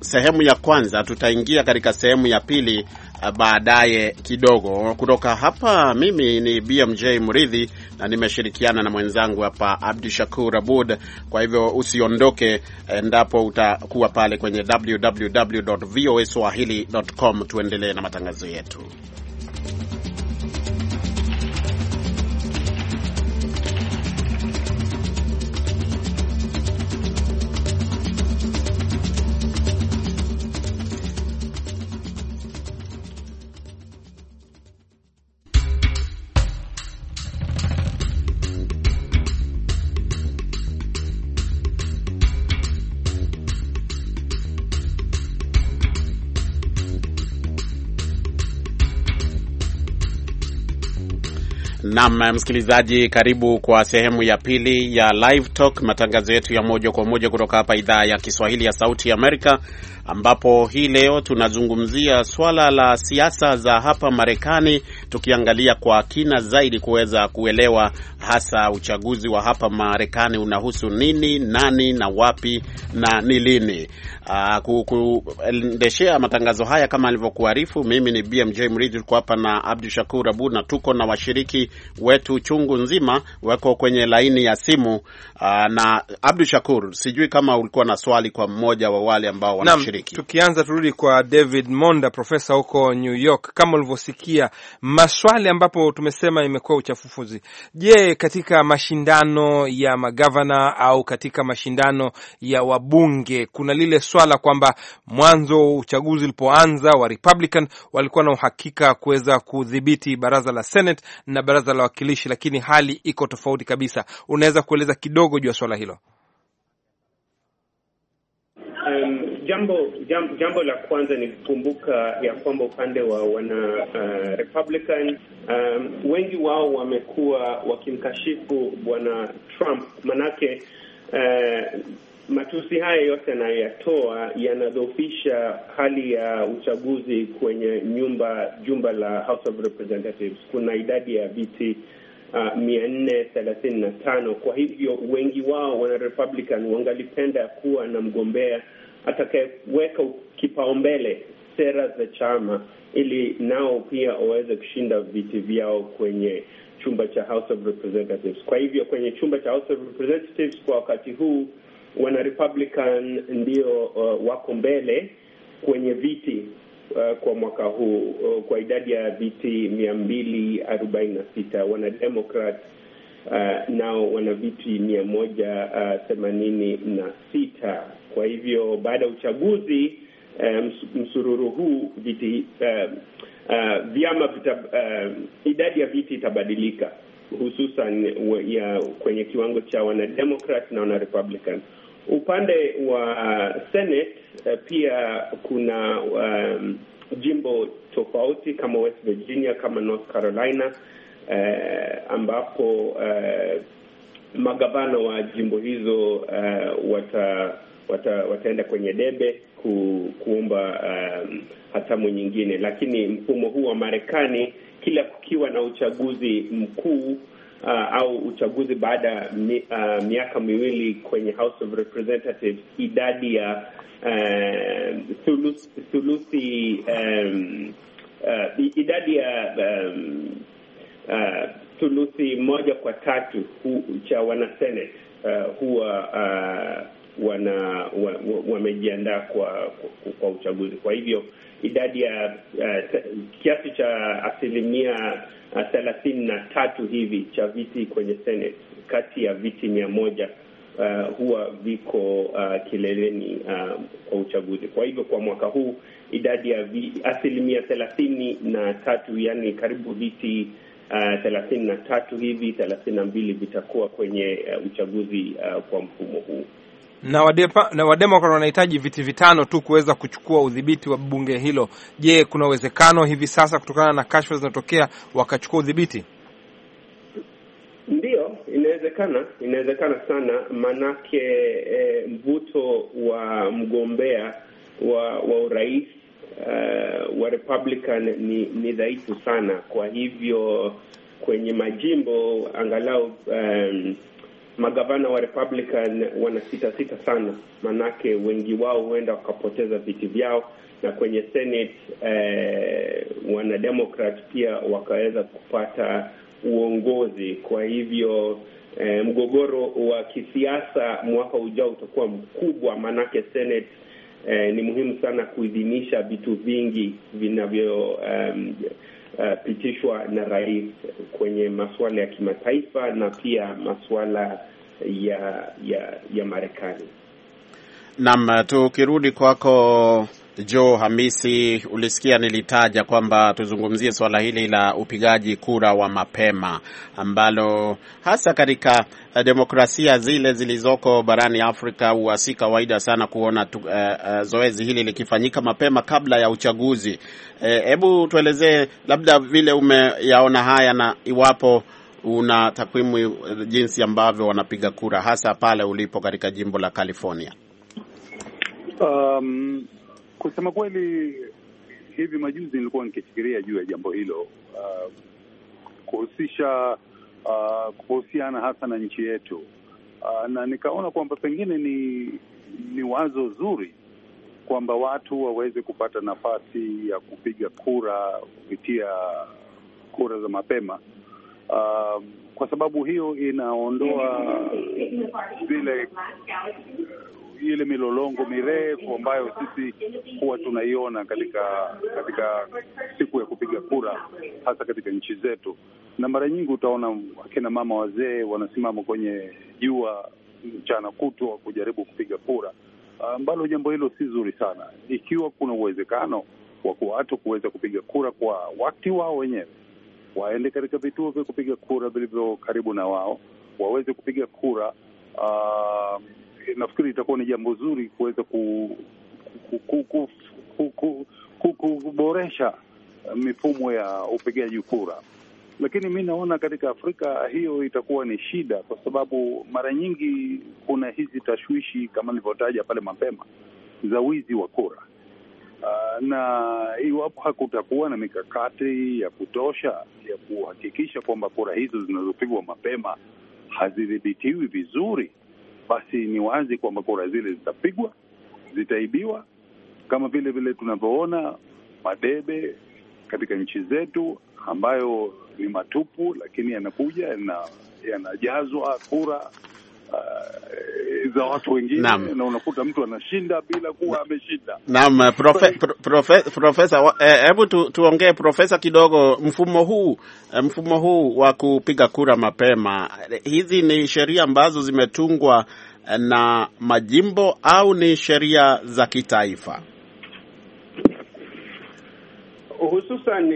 sehemu ya kwanza. Tutaingia katika sehemu ya pili Eh, baadaye kidogo. Kutoka hapa, mimi ni BMJ Mridhi na nimeshirikiana na mwenzangu hapa Abdu Shakur Abud. Kwa hivyo usiondoke, eh, endapo utakuwa pale kwenye www voa com, tuendelee na matangazo yetu. nam msikilizaji, karibu kwa sehemu ya pili ya Live Talk, matangazo yetu ya moja kwa moja kutoka hapa idhaa ya Kiswahili ya Sauti ya Amerika, ambapo hii leo tunazungumzia swala la siasa za hapa Marekani, tukiangalia kwa kina zaidi kuweza kuelewa hasa uchaguzi wa hapa Marekani unahusu nini, nani na wapi na ni lini. Ah, Kuendeshea matangazo haya kama alivyokuarifu, mimi ni BMJ Mridhi, tuko hapa na Abdu Shakur Abu na tuko na washiriki wetu chungu nzima wako kwenye laini ya simu. Aa, ah, na Abdu Shakur, sijui kama ulikuwa na swali kwa mmoja wa wale ambao wanashiriki Mashariki. Tukianza turudi kwa David Monda, profesa huko New York. Kama ulivyosikia maswali ambapo tumesema imekuwa uchafufuzi, je, katika mashindano ya magavana au katika mashindano ya wabunge kuna lile swala kwamba mwanzo uchaguzi ulipoanza wa Republican walikuwa na uhakika kuweza kudhibiti baraza la Senate na baraza la wakilishi lakini hali iko tofauti kabisa. Unaweza kueleza kidogo juu ya swala hilo? jambo, jambo jambo la kwanza ni kukumbuka ya kwamba upande wa wana uh, Republican um, wengi wao wamekuwa wakimkashifu bwana Trump manake uh, matusi haya yote yanayoyatoa yanadhoofisha hali ya uchaguzi kwenye nyumba jumba la House of Representatives. Kuna idadi ya viti uh, mia nne thelathini na tano. Kwa hivyo wengi wao wana Republican wangalipenda kuwa na mgombea atakayeweka kipaumbele sera za chama ili nao pia waweze kushinda viti vyao kwenye chumba cha House of Representatives. Kwa hivyo kwenye chumba cha House of Representatives kwa wakati huu wana Republican ndio uh, wako mbele kwenye viti uh, kwa mwaka huu uh, kwa idadi ya viti mia mbili arobaini na sita wana Democrat uh, nao wana viti mia moja uh, themanini na sita. Kwa hivyo baada ya uchaguzi uh, msururu huu viti uh, uh, vyama vita, uh, idadi ya viti itabadilika hususan ya kwenye kiwango cha wanademokrat na wanarepublican. Upande wa Senate uh, pia kuna um, jimbo tofauti kama West Virginia, kama North Carolina eh, ambapo eh, magavana wa jimbo hizo eh, wata, wata, wataenda kwenye debe ku, kuomba eh, hatamu nyingine. Lakini mfumo huu wa Marekani, kila kukiwa na uchaguzi mkuu Uh, au uchaguzi baada ya mi, uh, miaka miwili kwenye House of Representatives, idadi ya uh, um, uh, idadi ya um, Uh, thuluthi moja kwa tatu hu, cha wanasenate uh, huwa uh, wana wamejiandaa wa, wa kwa, kwa, kwa uchaguzi. Kwa hivyo idadi ya uh, kiasi cha asilimia uh, thelathini na tatu hivi cha viti kwenye senate kati ya viti mia moja Uh, huwa viko uh, kileleni uh, kwa uchaguzi. Kwa hivyo kwa mwaka huu idadi ya asilimia thelathini na tatu, yani karibu viti Ah, thelathini na tatu hivi thelathini na mbili vitakuwa kwenye uh, uchaguzi uh, kwa mfumo huu na wadepa, na Wademokrat wanahitaji viti vitano tu kuweza kuchukua udhibiti wa bunge hilo. Je, kuna uwezekano hivi sasa kutokana na kashfa zinatokea wakachukua udhibiti? Ndiyo, inawezekana, inawezekana sana, maanake e, eh, mvuto wa mgombea wa, wa urais uh, wa Republican ni, ni dhaifu sana. Kwa hivyo kwenye majimbo angalau um, magavana wa Republican wanasita sita sana, manake wengi wao huenda wakapoteza viti vyao, na kwenye Senate wana uh, wanademokrat pia wakaweza kupata uongozi. Kwa hivyo E, mgogoro wa kisiasa mwaka ujao utakuwa mkubwa, maanake Senate eh, ni muhimu sana kuidhinisha vitu vingi vinavyopitishwa eh, um, uh, na rais kwenye masuala ya kimataifa na pia masuala ya ya ya Marekani. Naam, tukirudi kwako Joe Hamisi, ulisikia nilitaja kwamba tuzungumzie suala hili la upigaji kura wa mapema ambalo hasa katika eh, demokrasia zile zilizoko barani Afrika huwa si kawaida sana kuona tu, uh, uh, zoezi hili likifanyika mapema kabla ya uchaguzi. Hebu uh, tuelezee labda vile umeyaona haya na iwapo una takwimu jinsi ambavyo wanapiga kura hasa pale ulipo katika jimbo la California. Um, Kusema kweli, hivi majuzi nilikuwa nikifikiria juu ya jambo hilo uh, kuhusisha uh, kuhusiana hasa na nchi yetu uh, na nikaona kwamba pengine ni ni wazo zuri kwamba watu waweze kupata nafasi ya kupiga kura kupitia kura za mapema uh, kwa sababu hiyo inaondoa zile ile milolongo mirefu ambayo sisi huwa tunaiona katika katika siku ya kupiga kura, hasa katika nchi zetu, na mara nyingi utaona akina mama wazee wanasimama kwenye jua mchana kutwa kujaribu kupiga kura, ambalo jambo hilo si zuri sana. Ikiwa kuna uwezekano wa watu kuweza kupiga kura kwa wakati wao wenyewe, waende katika vituo vya kupiga kura vilivyo karibu na wao, waweze kupiga kura uh, Eh, nafikiri itakuwa ni jambo zuri kuweza ku, ku, ku, ku, ku, ku, ku, kuboresha eh, mifumo ya upigaji kura, lakini mi naona katika Afrika hiyo itakuwa ni shida, kwa sababu mara nyingi kuna hizi tashwishi kama nilivyotaja pale mapema za wizi wa kura. Uh, na iwapo hakutakuwa na mikakati ya kutosha ya kuhakikisha kwamba kura hizo zinazopigwa mapema hazidhibitiwi vizuri, basi ni wazi kwamba kura zile zitapigwa, zitaibiwa, kama vile vile tunavyoona madebe katika nchi zetu ambayo ni matupu, lakini yanakuja yanajazwa kura Eh, za watu wengine na unakuta mtu anashinda bila kuwa ameshinda. Naam, eh, profesa, eh, hebu tuongee profesa kidogo. Mfumo huu mfumo huu wa kupiga kura mapema, hizi ni sheria ambazo zimetungwa na majimbo au ni sheria za kitaifa? hususan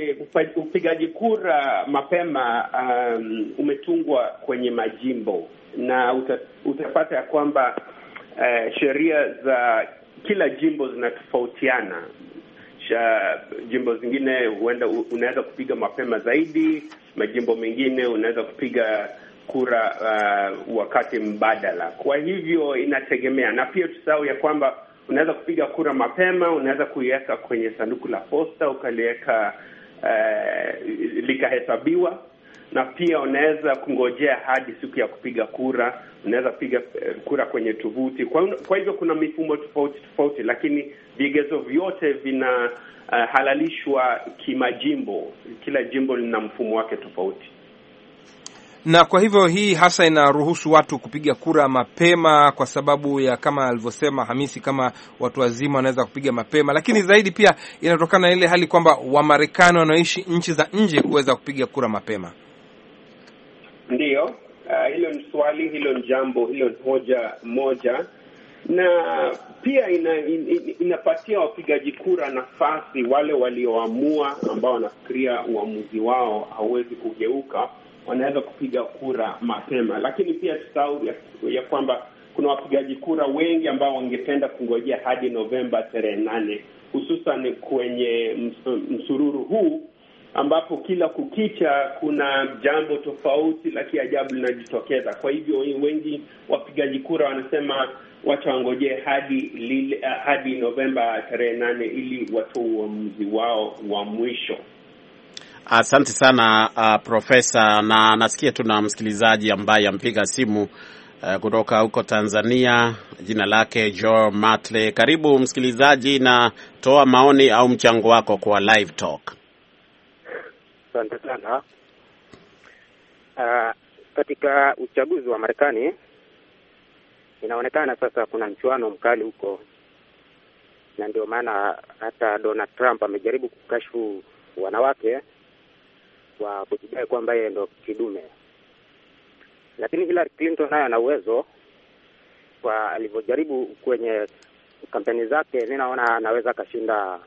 upigaji kura mapema um, umetungwa kwenye majimbo na uta, utapata ya kwamba uh, sheria za kila jimbo zinatofautiana. Jimbo zingine huenda unaweza kupiga mapema zaidi, majimbo mengine unaweza kupiga kura uh, wakati mbadala. Kwa hivyo inategemea, na pia tusahau ya kwamba unaweza kupiga kura mapema, unaweza kuiweka kwenye sanduku la posta ukaliweka, uh, likahesabiwa na pia unaweza kungojea hadi siku ya kupiga kura. Unaweza piga eh, kura kwenye tovuti. Kwa, kwa hivyo kuna mifumo tofauti tofauti, lakini vigezo vyote vinahalalishwa eh, uh, kimajimbo. Kila jimbo lina mfumo wake tofauti na kwa hivyo hii hasa inaruhusu watu kupiga kura mapema, kwa sababu ya kama alivyosema Hamisi, kama watu wazima wanaweza kupiga mapema, lakini zaidi pia inatokana na ile hali kwamba Wamarekani wanaoishi nchi za nje kuweza kupiga kura mapema. Ndiyo, uh, hilo ni swali, hilo ni jambo, hilo ni hoja moja, na pia ina, in, in, inapatia wapigaji kura nafasi, wale walioamua ambao wanafikiria uamuzi wao hauwezi kugeuka wanaweza kupiga kura mapema, lakini pia tusahau ya, ya kwamba kuna wapigaji kura wengi ambao wangependa kungojea hadi Novemba tarehe nane, hususan kwenye msururu huu ambapo kila kukicha kuna jambo tofauti la kiajabu linajitokeza. Kwa hivyo wengi wapigaji kura wanasema wacha wangojee hadi lile, hadi Novemba tarehe nane ili watoe uamuzi wao wa mwisho. Asante sana uh, Profesa, na nasikia tuna msikilizaji ambaye ampiga simu uh, kutoka huko Tanzania, jina lake Joe Matle. Karibu msikilizaji, na toa maoni au mchango wako kwa live talk. Asante sana. Uh, katika uchaguzi wa Marekani inaonekana sasa kuna mchuano mkali huko, na ndio maana hata Donald Trump amejaribu kukashifu wanawake kwa kujidai kwamba yeye ndo kidume. Lakini Hillary Clinton naye ana uwezo kwa alivyojaribu kwenye kampeni zake, mi naona anaweza akashinda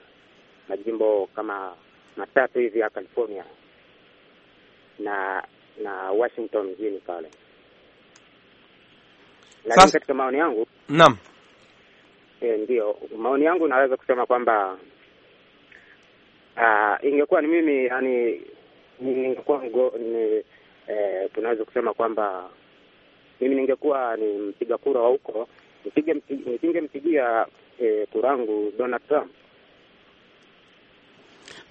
majimbo kama matatu hivi ya California na na Washington mjini pale. Lakini katika maoni yangu naam, e, ndio maoni yangu naweza kusema kwamba uh, ingekuwa ni mimi yani ningekuwa ni, eh, tunaweza kusema kwamba mimi ningekuwa ni mpiga kura wa huko nisingempigia eh, kurangu Donald Trump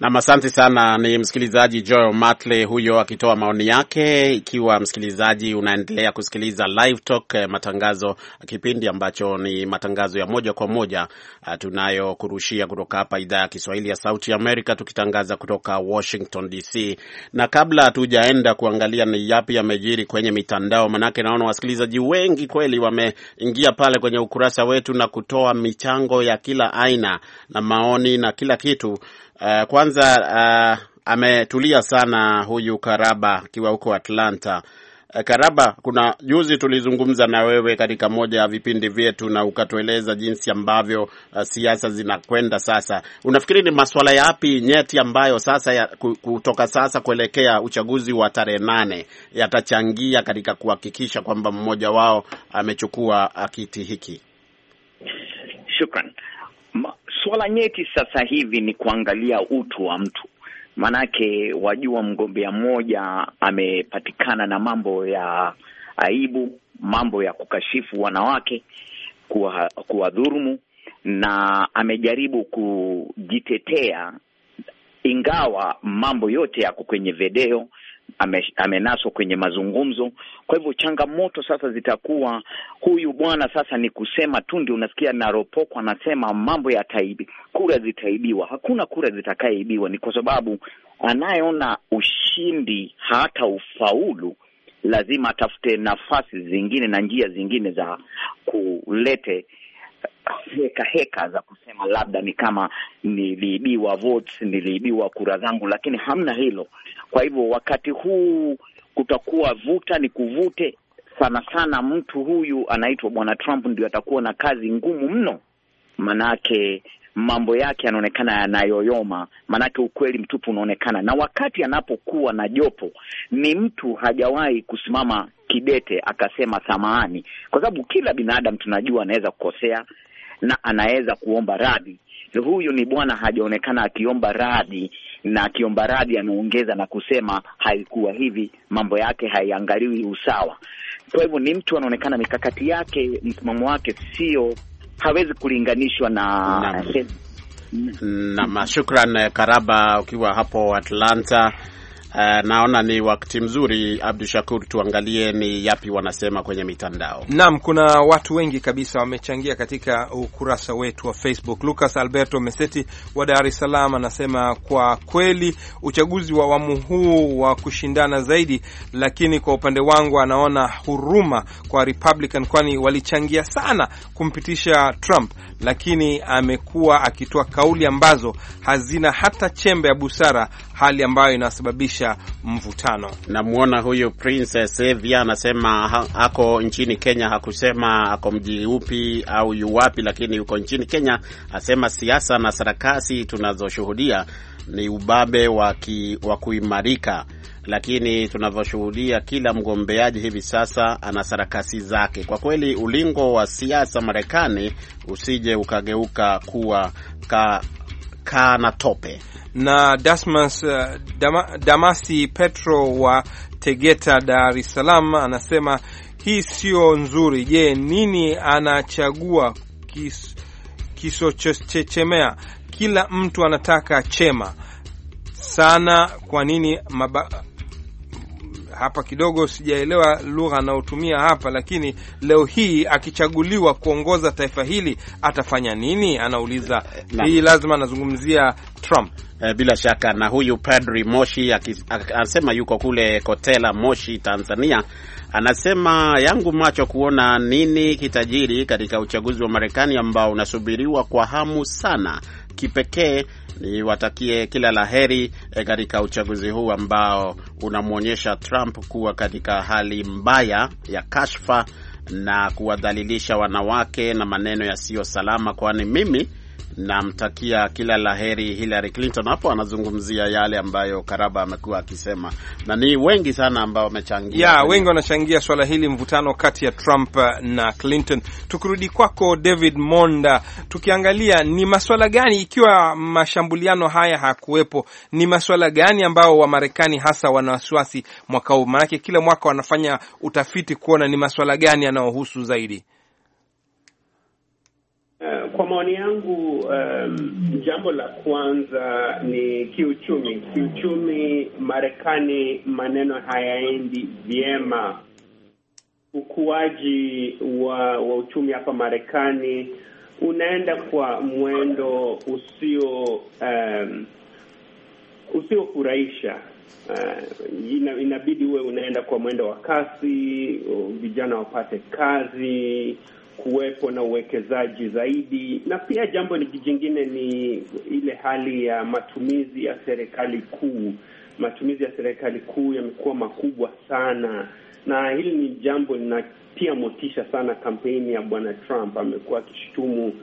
Nam, asante sana. Ni msikilizaji Joel Matle huyo akitoa maoni yake. Ikiwa msikilizaji unaendelea kusikiliza Live Talk, eh, matangazo, eh, kipindi ambacho ni matangazo ya moja kwa moja eh, tunayokurushia kutoka hapa idhaa ya Kiswahili ya Sauti Amerika, tukitangaza kutoka Washington DC. Na kabla hatujaenda kuangalia ni yapi yamejiri kwenye mitandao, manake naona wasikilizaji wengi kweli wameingia pale kwenye ukurasa wetu na kutoa michango ya kila aina na maoni na kila kitu Uh, kwanza uh, ametulia sana huyu Karaba akiwa huko Atlanta. Uh, Karaba, kuna juzi tulizungumza na wewe katika moja ya vipindi vyetu na ukatueleza jinsi ambavyo uh, siasa zinakwenda sasa. Unafikiri ni masuala yapi nyeti ambayo sasa ya, kutoka sasa kuelekea uchaguzi wa tarehe nane yatachangia katika kuhakikisha kwamba mmoja wao amechukua kiti hiki? Shukran. Suala nyeti sasa hivi ni kuangalia utu wa mtu, maanake wajua, mgombea mmoja amepatikana na mambo ya aibu, mambo ya kukashifu wanawake, kuwadhurumu na amejaribu kujitetea, ingawa mambo yote yako kwenye video ame, amenaswa kwenye mazungumzo. Kwa hivyo changamoto sasa zitakuwa huyu bwana sasa ni kusema tu, ndio unasikia Naropoko anasema mambo yataibi, kura zitaibiwa. Hakuna kura zitakayeibiwa ni kwa sababu anayeona ushindi hata ufaulu lazima atafute nafasi zingine na njia zingine za kulete heka heka za kusema labda ni kama niliibiwa votes, niliibiwa kura zangu, lakini hamna hilo. Kwa hivyo wakati huu kutakuwa vuta ni kuvute sana sana. Mtu huyu anaitwa bwana Trump ndio atakuwa na kazi ngumu mno, manake mambo yake yanaonekana yanayoyoma, maanake ukweli mtupu unaonekana. Na wakati anapokuwa na jopo, ni mtu hajawahi kusimama kidete akasema samahani, kwa sababu kila binadamu tunajua anaweza kukosea, na anaweza kuomba radhi. Huyu ni bwana hajaonekana akiomba radhi, na akiomba radhi ameongeza na kusema haikuwa hivi, mambo yake haiangaliwi usawa. Kwa hivyo ni mtu anaonekana mikakati yake, msimamo wake sio, hawezi kulinganishwa na nam. Shukran Karaba, ukiwa hapo Atlanta. Uh, naona ni wakati mzuri Abdu Shakur, tuangalie ni yapi wanasema kwenye mitandao. Naam, kuna watu wengi kabisa wamechangia katika ukurasa wetu wa Facebook. Lucas Alberto Meseti wa Dar es Salaam anasema kwa kweli uchaguzi wa awamu huu wa kushindana zaidi, lakini kwa upande wangu anaona huruma kwa Republican, kwani walichangia sana kumpitisha Trump, lakini amekuwa akitoa kauli ambazo hazina hata chembe ya busara hali ambayo inasababisha mvutano. Namwona huyu Princess Evia anasema ako nchini Kenya. Hakusema ako mji upi au yu wapi lakini yuko nchini Kenya. Asema siasa na sarakasi tunazoshuhudia ni ubabe wa kuimarika, lakini tunavyoshuhudia kila mgombeaji hivi sasa ana sarakasi zake. Kwa kweli, ulingo wa siasa Marekani usije ukageuka kuwa ka kaa na tope. Na Dasmas, uh, Dama, Damasi Petro wa Tegeta, Dar es Salaam anasema hii sio nzuri. Je, nini anachagua kis, kisochechemea? Kila mtu anataka chema sana, kwa nini maba hapa kidogo sijaelewa lugha anayotumia hapa, lakini leo hii akichaguliwa kuongoza taifa hili atafanya nini? Anauliza hii, lazima anazungumzia Trump. Eh, bila shaka na huyu Padri Moshi anasema yuko kule Kotela, Moshi, Tanzania. Anasema yangu macho kuona nini kitajiri katika uchaguzi wa Marekani ambao unasubiriwa kwa hamu sana, kipekee niwatakie kila la heri e, katika uchaguzi huu ambao unamwonyesha Trump kuwa katika hali mbaya ya kashfa na kuwadhalilisha wanawake na maneno yasiyo salama, kwani mimi namtakia kila laheri Hillary Clinton. Hapo anazungumzia yale ambayo Karaba amekuwa akisema, na ni wengi sana ambao wamechangia ya, wengi wanachangia swala hili, mvutano kati ya Trump na Clinton. Tukirudi kwako David Monda, tukiangalia ni maswala gani, ikiwa mashambuliano haya hayakuwepo, ni maswala gani ambao Wamarekani hasa wana wasiwasi mwaka huu? Maanake kila mwaka wanafanya utafiti kuona ni maswala gani yanayohusu zaidi kwa maoni yangu um, jambo la kwanza ni kiuchumi. Kiuchumi Marekani maneno hayaendi vyema. Ukuaji wa, wa uchumi hapa Marekani unaenda kwa mwendo usio um, usiofurahisha. Uh, ina, inabidi uwe unaenda kwa mwendo wa kasi, vijana wapate kazi kuwepo na uwekezaji zaidi, na pia jambo jingine ni ile hali ya matumizi ya serikali kuu. Matumizi ya serikali kuu yamekuwa makubwa sana, na hili ni jambo linatia motisha sana kampeni ya bwana Trump. Amekuwa akishutumu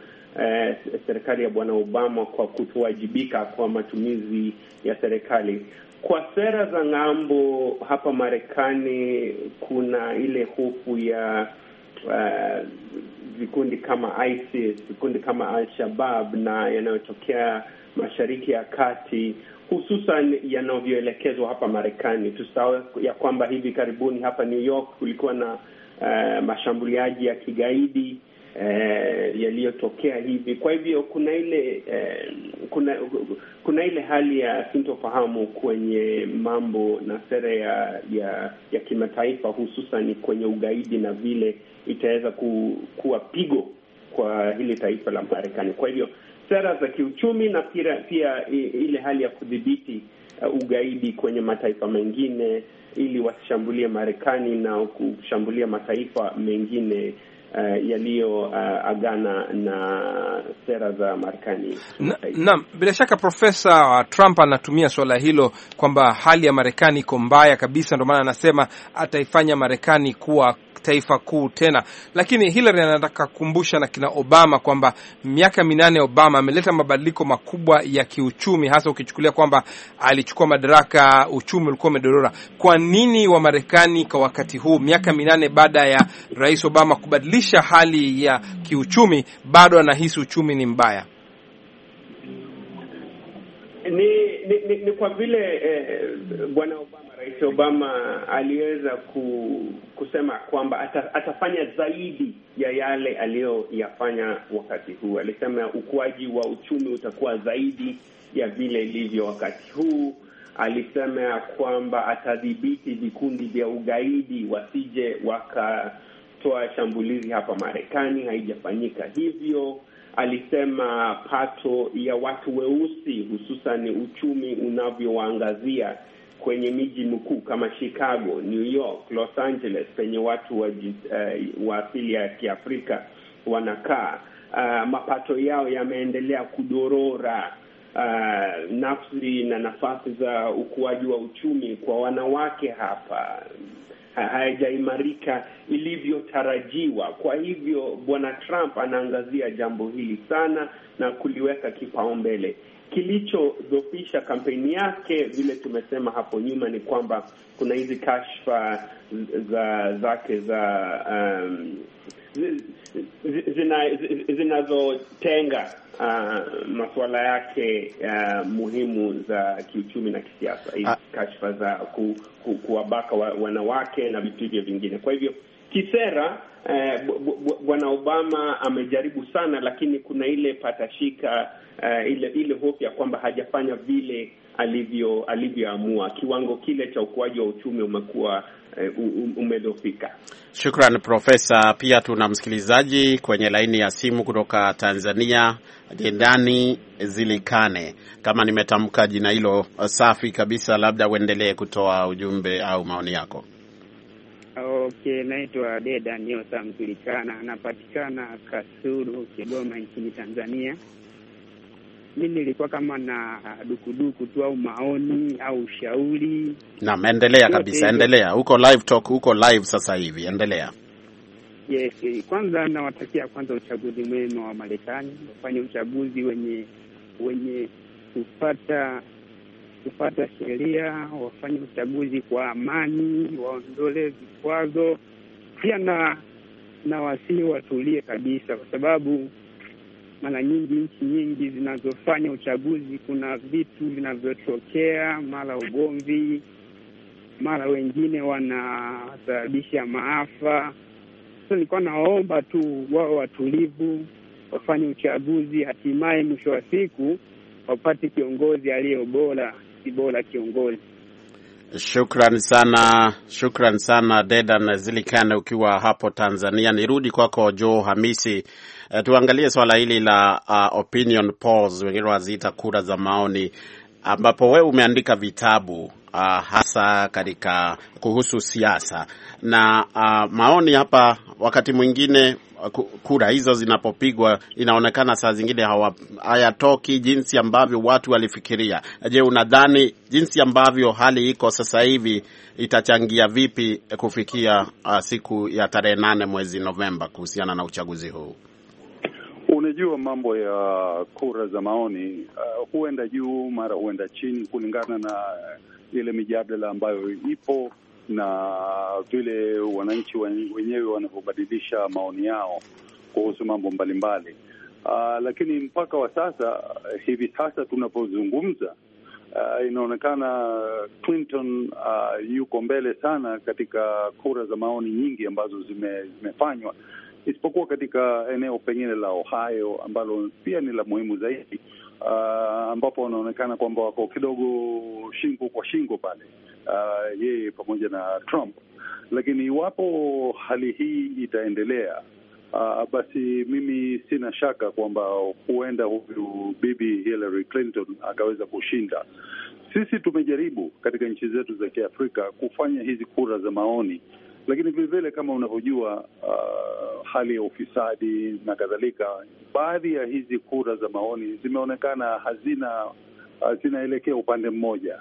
eh, serikali ya bwana Obama kwa kutowajibika kwa matumizi ya serikali kwa sera za ng'ambo hapa Marekani kuna ile hofu ya uh, vikundi kama ISIS, vikundi kama Al-Shabab na yanayotokea Mashariki ya Kati hususan yanavyoelekezwa hapa Marekani. Tusahau ya kwamba hivi karibuni hapa New York kulikuwa na uh, mashambuliaji ya kigaidi eh, yaliyotokea hivi. Kwa hivyo kuna ile eh, kuna kuna ile hali ya sintofahamu kwenye mambo na sera ya ya, ya kimataifa hususan kwenye ugaidi na vile itaweza ku, kuwa pigo kwa hili taifa la Marekani. Kwa hivyo sera za kiuchumi na pia, pia ile hali ya kudhibiti uh, ugaidi kwenye mataifa mengine ili wasishambulie Marekani na kushambulia mataifa mengine uh, eh, yaliyoagana eh, uh, na sera za Marekani. Naam, bila shaka Profesa uh, Trump anatumia suala hilo kwamba hali ya Marekani iko mbaya kabisa, ndio maana anasema ataifanya Marekani kuwa taifa kuu tena. Lakini Hillary anataka kukumbusha na kina Obama kwamba miaka minane Obama ameleta mabadiliko makubwa ya kiuchumi, hasa ukichukulia kwamba alichukua madaraka, uchumi ulikuwa umedorora. Kwa nini wa marekani kwa wakati huu, miaka minane baada ya Rais Obama kubadilisha hali ya kiuchumi, bado anahisi uchumi ni mbaya? Ni, ni, ni, ni kwa vile eh, bwana Obama Rais Obama aliweza ku, kusema kwamba ata, atafanya zaidi ya yale aliyoyafanya wakati huu. Alisema ukuaji wa uchumi utakuwa zaidi ya vile ilivyo wakati huu. Alisema ya kwamba atadhibiti vikundi vya ugaidi wasije wakatoa shambulizi hapa Marekani. Haijafanyika hivyo. Alisema pato ya watu weusi hususan uchumi unavyowaangazia kwenye miji mikuu kama Chicago, New York, Los Angeles penye watu wa, uh, wa asili ya Kiafrika wanakaa. Uh, mapato yao yameendelea kudorora. Uh, nafsi na nafasi za ukuaji wa uchumi kwa wanawake hapa hayajaimarika ilivyotarajiwa. Kwa hivyo Bwana Trump anaangazia jambo hili sana na kuliweka kipaumbele. Kilichodhofisha kampeni yake, vile tumesema hapo nyuma, ni kwamba kuna hizi kashfa za zake za um, zinazotenga uh, masuala yake uh, muhimu za kiuchumi na kisiasa, hizi ah. kashfa za ku, ku, kuwabaka wa, wanawake na vitu hivyo vingine. Kwa hivyo Kisera eh, bwana Obama amejaribu sana, lakini kuna ile patashika eh, ile ile hofu ya kwamba hajafanya vile alivyo alivyoamua. Kiwango kile cha ukuaji wa uchumi umekuwa eh, umedhofika. Shukran Profesa. Pia tuna msikilizaji kwenye laini ya simu kutoka Tanzania, Jendani Zilikane, kama nimetamka jina hilo safi kabisa. Labda uendelee kutoa ujumbe au maoni yako. Okay, naitwa Deda Nyota Mtulikana, napatikana Kasulu, Kigoma nchini Tanzania. Mimi nilikuwa kama na dukuduku tu au maoni au ushauri. Naam, endelea kabisa, endelea. Uko live talk, uko live sasa hivi, endelea. Yes, kwanza nawatakia kwanza uchaguzi mwema wa Marekani, wafanye uchaguzi wenye wenye kupata kupata sheria, wafanye uchaguzi kwa amani, waondole vikwazo pia na na wasii watulie kabisa, kwa sababu mara nyingi nchi nyingi zinazofanya uchaguzi kuna vitu vinavyotokea, mara ugomvi, mara wengine wanasababisha maafa. Sasa nilikuwa nawaomba tu wao watulivu, wafanye uchaguzi, hatimaye mwisho wa siku wapate kiongozi aliyo bora mwenyekiti bora kiongozi. Shukran sana, shukran sana Dedan Zilikane, ukiwa hapo Tanzania. Nirudi kwako Joe Hamisi. E, tuangalie swala hili la uh, opinion polls, wengine waziita kura za maoni, ambapo wewe umeandika vitabu uh, hasa katika kuhusu siasa na uh, maoni hapa, wakati mwingine kura hizo zinapopigwa inaonekana saa zingine hayatoki jinsi ambavyo watu walifikiria. Je, unadhani jinsi ambavyo hali iko sasa hivi itachangia vipi kufikia a, uh, siku ya tarehe nane mwezi Novemba kuhusiana na uchaguzi huu? Unajua, mambo ya kura za maoni uh, huenda juu mara huenda chini kulingana na uh, ile mijadala ambayo ipo na vile wananchi wenyewe wanavyobadilisha maoni yao kuhusu mambo mbalimbali. Uh, lakini mpaka wa sasa hivi sasa tunapozungumza, uh, inaonekana Clinton uh, yuko mbele sana katika kura za maoni nyingi ambazo zime, zimefanywa isipokuwa katika eneo pengine la Ohio ambalo pia ni la muhimu zaidi uh, ambapo wanaonekana kwamba wako kidogo shingo kwa shingo pale, uh, yeye pamoja na Trump. Lakini iwapo hali hii itaendelea, uh, basi mimi sina shaka kwamba huenda huyu bibi Hillary Clinton akaweza kushinda. Sisi tumejaribu katika nchi zetu za Kiafrika kufanya hizi kura za maoni lakini vilevile kama unavyojua, uh, hali ya ufisadi na kadhalika, baadhi ya hizi kura za maoni zimeonekana hazina uh, zinaelekea upande mmoja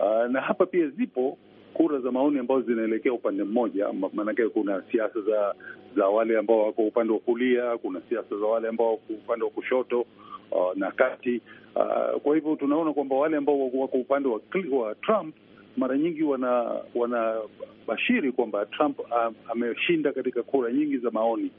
uh, na hapa pia zipo kura za maoni ambazo zinaelekea upande mmoja. Maanake kuna siasa za za wale ambao wako upande wa kulia, kuna siasa za wale ambao wako upande wa kushoto uh, na kati uh, kwa hivyo tunaona kwamba wale ambao wako upande wa, wa Trump mara nyingi wana wanabashiri kwamba Trump ameshinda katika kura nyingi za maoni,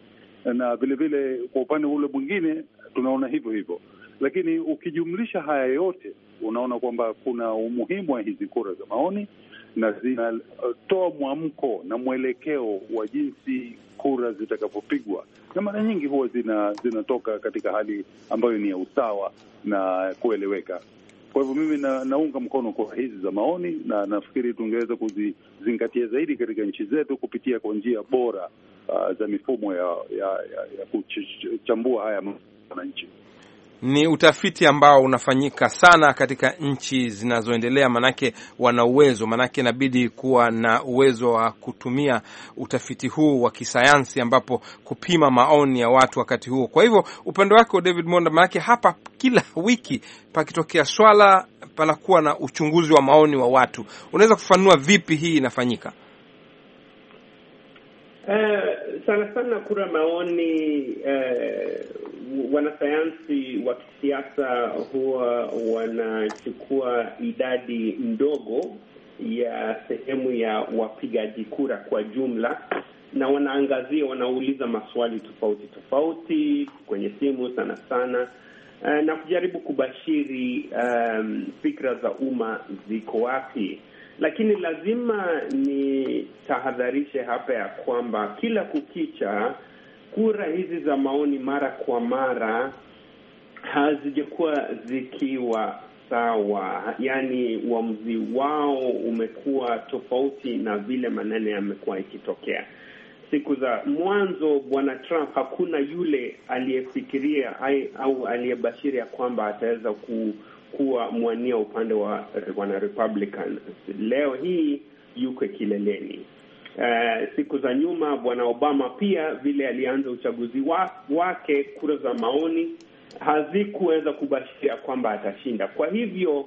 na vilevile kwa upande ule mwingine tunaona hivyo hivyo, lakini ukijumlisha haya yote unaona kwamba kuna umuhimu wa hizi kura za maoni na zinatoa mwamko na mwelekeo wa jinsi kura zitakavyopigwa, na mara nyingi huwa zina, zinatoka katika hali ambayo ni ya usawa na kueleweka. Kwa hivyo mimi na, naunga mkono kwa hizi za maoni na nafikiri tungeweza kuzizingatia zaidi katika nchi zetu kupitia kwa njia bora uh, za mifumo ya, ya, ya, ya kuchambua haya wananchi. Ni utafiti ambao unafanyika sana katika nchi zinazoendelea, manake wana uwezo, manake inabidi kuwa na uwezo wa kutumia utafiti huu wa kisayansi, ambapo kupima maoni ya watu wakati huo. Kwa hivyo upande wake wa David Monda, manake hapa kila wiki pakitokea swala panakuwa na uchunguzi wa maoni wa watu. Unaweza kufanua vipi hii inafanyika? Uh, sana sana kura maoni, uh, wanasayansi wa kisiasa huwa wanachukua idadi ndogo ya sehemu ya wapigaji kura kwa jumla, na wanaangazia, wanauliza maswali tofauti tofauti kwenye simu sana sana, uh, na kujaribu kubashiri um, fikra za umma ziko wapi. Lakini lazima ni tahadharishe hapa ya kwamba kila kukicha kura hizi za maoni mara kwa mara hazijakuwa zikiwa sawa, yaani uamuzi wao umekuwa tofauti na vile maneno yamekuwa ikitokea. Siku za mwanzo bwana Trump, hakuna yule aliyefikiria au aliyebashiria kwamba ataweza ku kuwa mwania upande wa wana Republican. Leo hii yuko kileleni. Uh, siku za nyuma bwana Obama pia vile alianza uchaguzi wa, wake, kura za maoni hazikuweza kubashiria kwamba atashinda. Kwa hivyo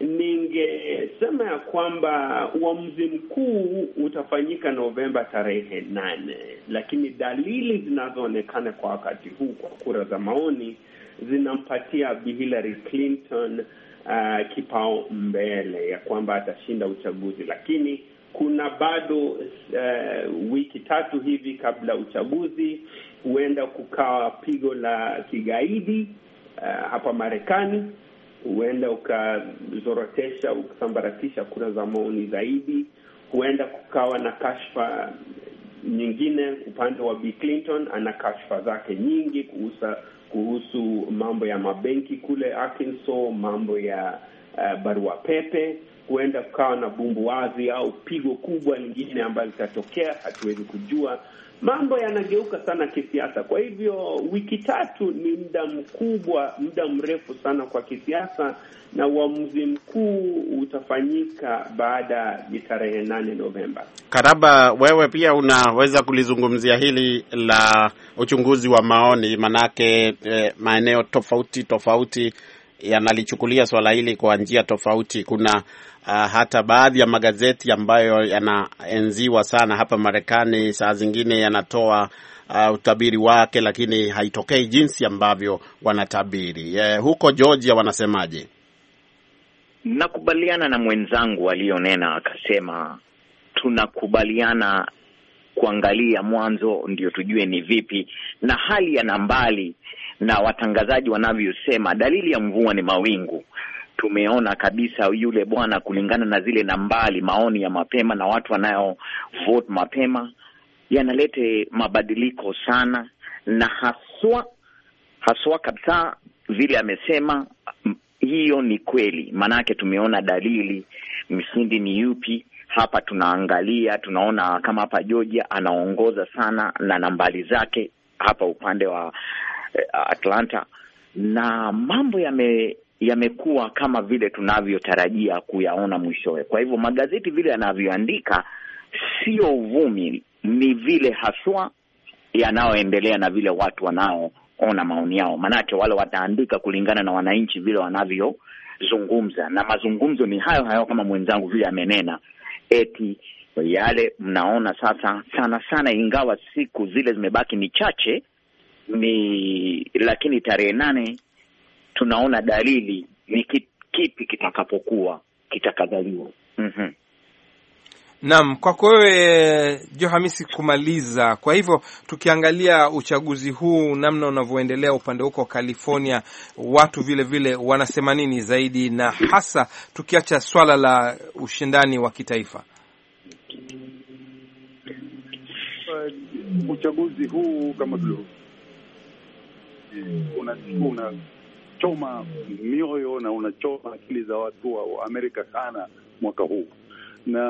ningesema ya kwamba uamuzi mkuu utafanyika Novemba tarehe nane, lakini dalili zinazoonekana kwa wakati huu kwa kura za maoni zinampatia Bi Hillary Clinton uh, kipao mbele ya kwamba atashinda uchaguzi, lakini kuna bado uh, wiki tatu hivi kabla uchaguzi, huenda kukawa pigo la kigaidi uh, hapa Marekani, huenda ukazorotesha, ukasambaratisha kura za maoni zaidi, huenda kukawa na kashfa nyingine upande wa Bi Clinton. Ana kashfa zake nyingi kuhusa kuhusu mambo ya mabenki kule Arkansas, mambo ya uh, barua pepe. Huenda kukawa na bumbu wazi au pigo kubwa lingine ambalo litatokea, hatuwezi kujua, mambo yanageuka sana kisiasa. Kwa hivyo wiki tatu ni muda mkubwa, muda mrefu sana kwa kisiasa, na uamuzi mkuu utafanyika baada ya tarehe nane Novemba. Karaba, wewe pia unaweza kulizungumzia hili la uchunguzi wa maoni, manake eh, maeneo tofauti tofauti yanalichukulia swala hili kwa njia tofauti. Kuna uh, hata baadhi ya magazeti ambayo yanaenziwa sana hapa Marekani, saa zingine yanatoa Uh, utabiri wake lakini haitokei jinsi ambavyo wanatabiri. Uh, huko Georgia wanasemaje? Nakubaliana na mwenzangu aliyonena akasema, tunakubaliana kuangalia mwanzo ndio tujue ni vipi, na hali ya nambali na watangazaji wanavyosema, dalili ya mvua ni mawingu. Tumeona kabisa yule bwana, kulingana na zile nambali, maoni ya mapema na watu wanayo vote mapema, yanalete mabadiliko sana, na haswa haswa kabisa vile amesema, hiyo ni kweli, maanake tumeona dalili. Mshindi ni yupi? Hapa tunaangalia tunaona kama hapa Georgia anaongoza sana na nambari zake hapa upande wa Eh, Atlanta, na mambo yame yamekuwa kama vile tunavyotarajia kuyaona mwishowe. Kwa hivyo magazeti vile yanavyoandika sio uvumi, ni vile haswa yanayoendelea na vile watu wanaoona maoni yao, maanake wale wataandika kulingana na wananchi vile wanavyozungumza, na mazungumzo ni hayo hayo kama mwenzangu vile amenena, eti yale mnaona sasa sana sana, ingawa siku zile zimebaki ni chache ni lakini tarehe nane tunaona dalili ni kipi kitakapokuwa kitakadhaliwa. mm -hmm. Naam, kwako wewe Johamisi, Hamisi, kumaliza. Kwa hivyo tukiangalia uchaguzi huu namna unavyoendelea upande huko California, watu vile vile wanasema nini zaidi, na hasa tukiacha swala la ushindani wa kitaifa? Uchaguzi huu kama tulivyo unachoma mioyo na unachoma akili za watu wa Amerika sana mwaka huu, na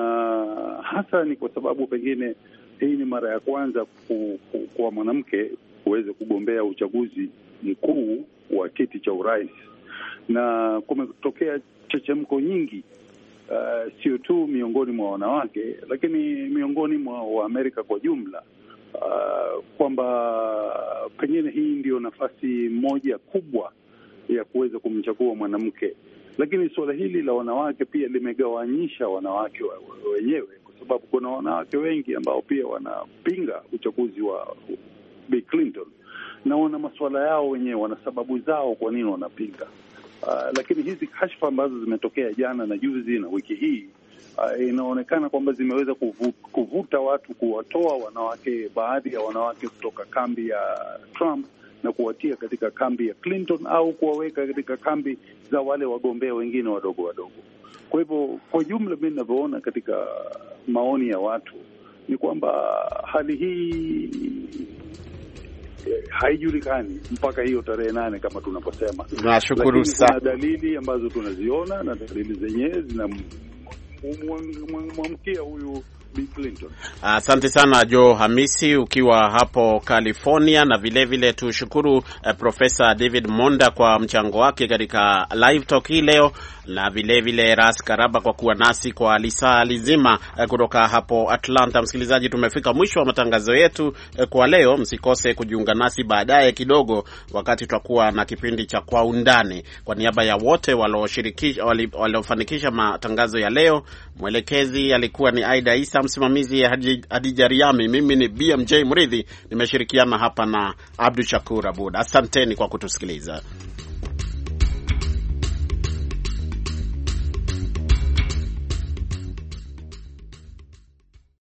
hasa ni kwa sababu pengine hii ni mara ya kwanza ku, ku, kwa mwanamke kuweze kugombea uchaguzi mkuu wa kiti cha urais, na kumetokea chechemko nyingi uh, sio tu miongoni mwa wanawake, lakini miongoni mwa Waamerika kwa jumla uh, kwamba pengine hii ndiyo nafasi moja kubwa ya kuweza kumchagua mwanamke, lakini suala hili la wanawake pia limegawanyisha wanawake wenyewe, kwa sababu kuna wanawake wengi ambao pia wanapinga uchaguzi wa Bi Clinton na wana masuala yao wenyewe, wana sababu zao kwa nini wanapinga. Uh, lakini hizi kashfa ambazo zimetokea jana na juzi na wiki hii uh, inaonekana kwamba zimeweza kuvuta watu, kuwatoa wanawake, baadhi ya wanawake kutoka kambi ya Trump na kuwatia katika kambi ya Clinton au kuwaweka katika kambi za wale wagombea wengine wadogo wadogo. Kwa hivyo, kwa jumla, mi ninavyoona katika maoni ya watu ni kwamba hali hii eh, haijulikani mpaka hiyo tarehe nane kama tunavyosema. Nashukuru sana. Dalili ambazo tunaziona na dalili zenyewe zina mwamkia huyu Clinton. Asante sana Joe Hamisi ukiwa hapo California, na vilevile tushukuru uh, eh, Profesa David Monda kwa mchango wake katika live talk hii leo, na vilevile Ras Karaba kwa kuwa nasi kwa lisaa lizima eh, kutoka hapo Atlanta. Msikilizaji, tumefika mwisho wa matangazo yetu eh, kwa leo. Msikose kujiunga nasi baadaye kidogo, wakati tutakuwa na kipindi cha Kwa Undani. Kwa niaba ya wote waliofanikisha matangazo ya leo, mwelekezi alikuwa ni Aida Isa msimamizi Hadija Riami. Mimi ni BMJ Mridhi, nimeshirikiana hapa na Abdu Shakur Abud. Asanteni kwa kutusikiliza.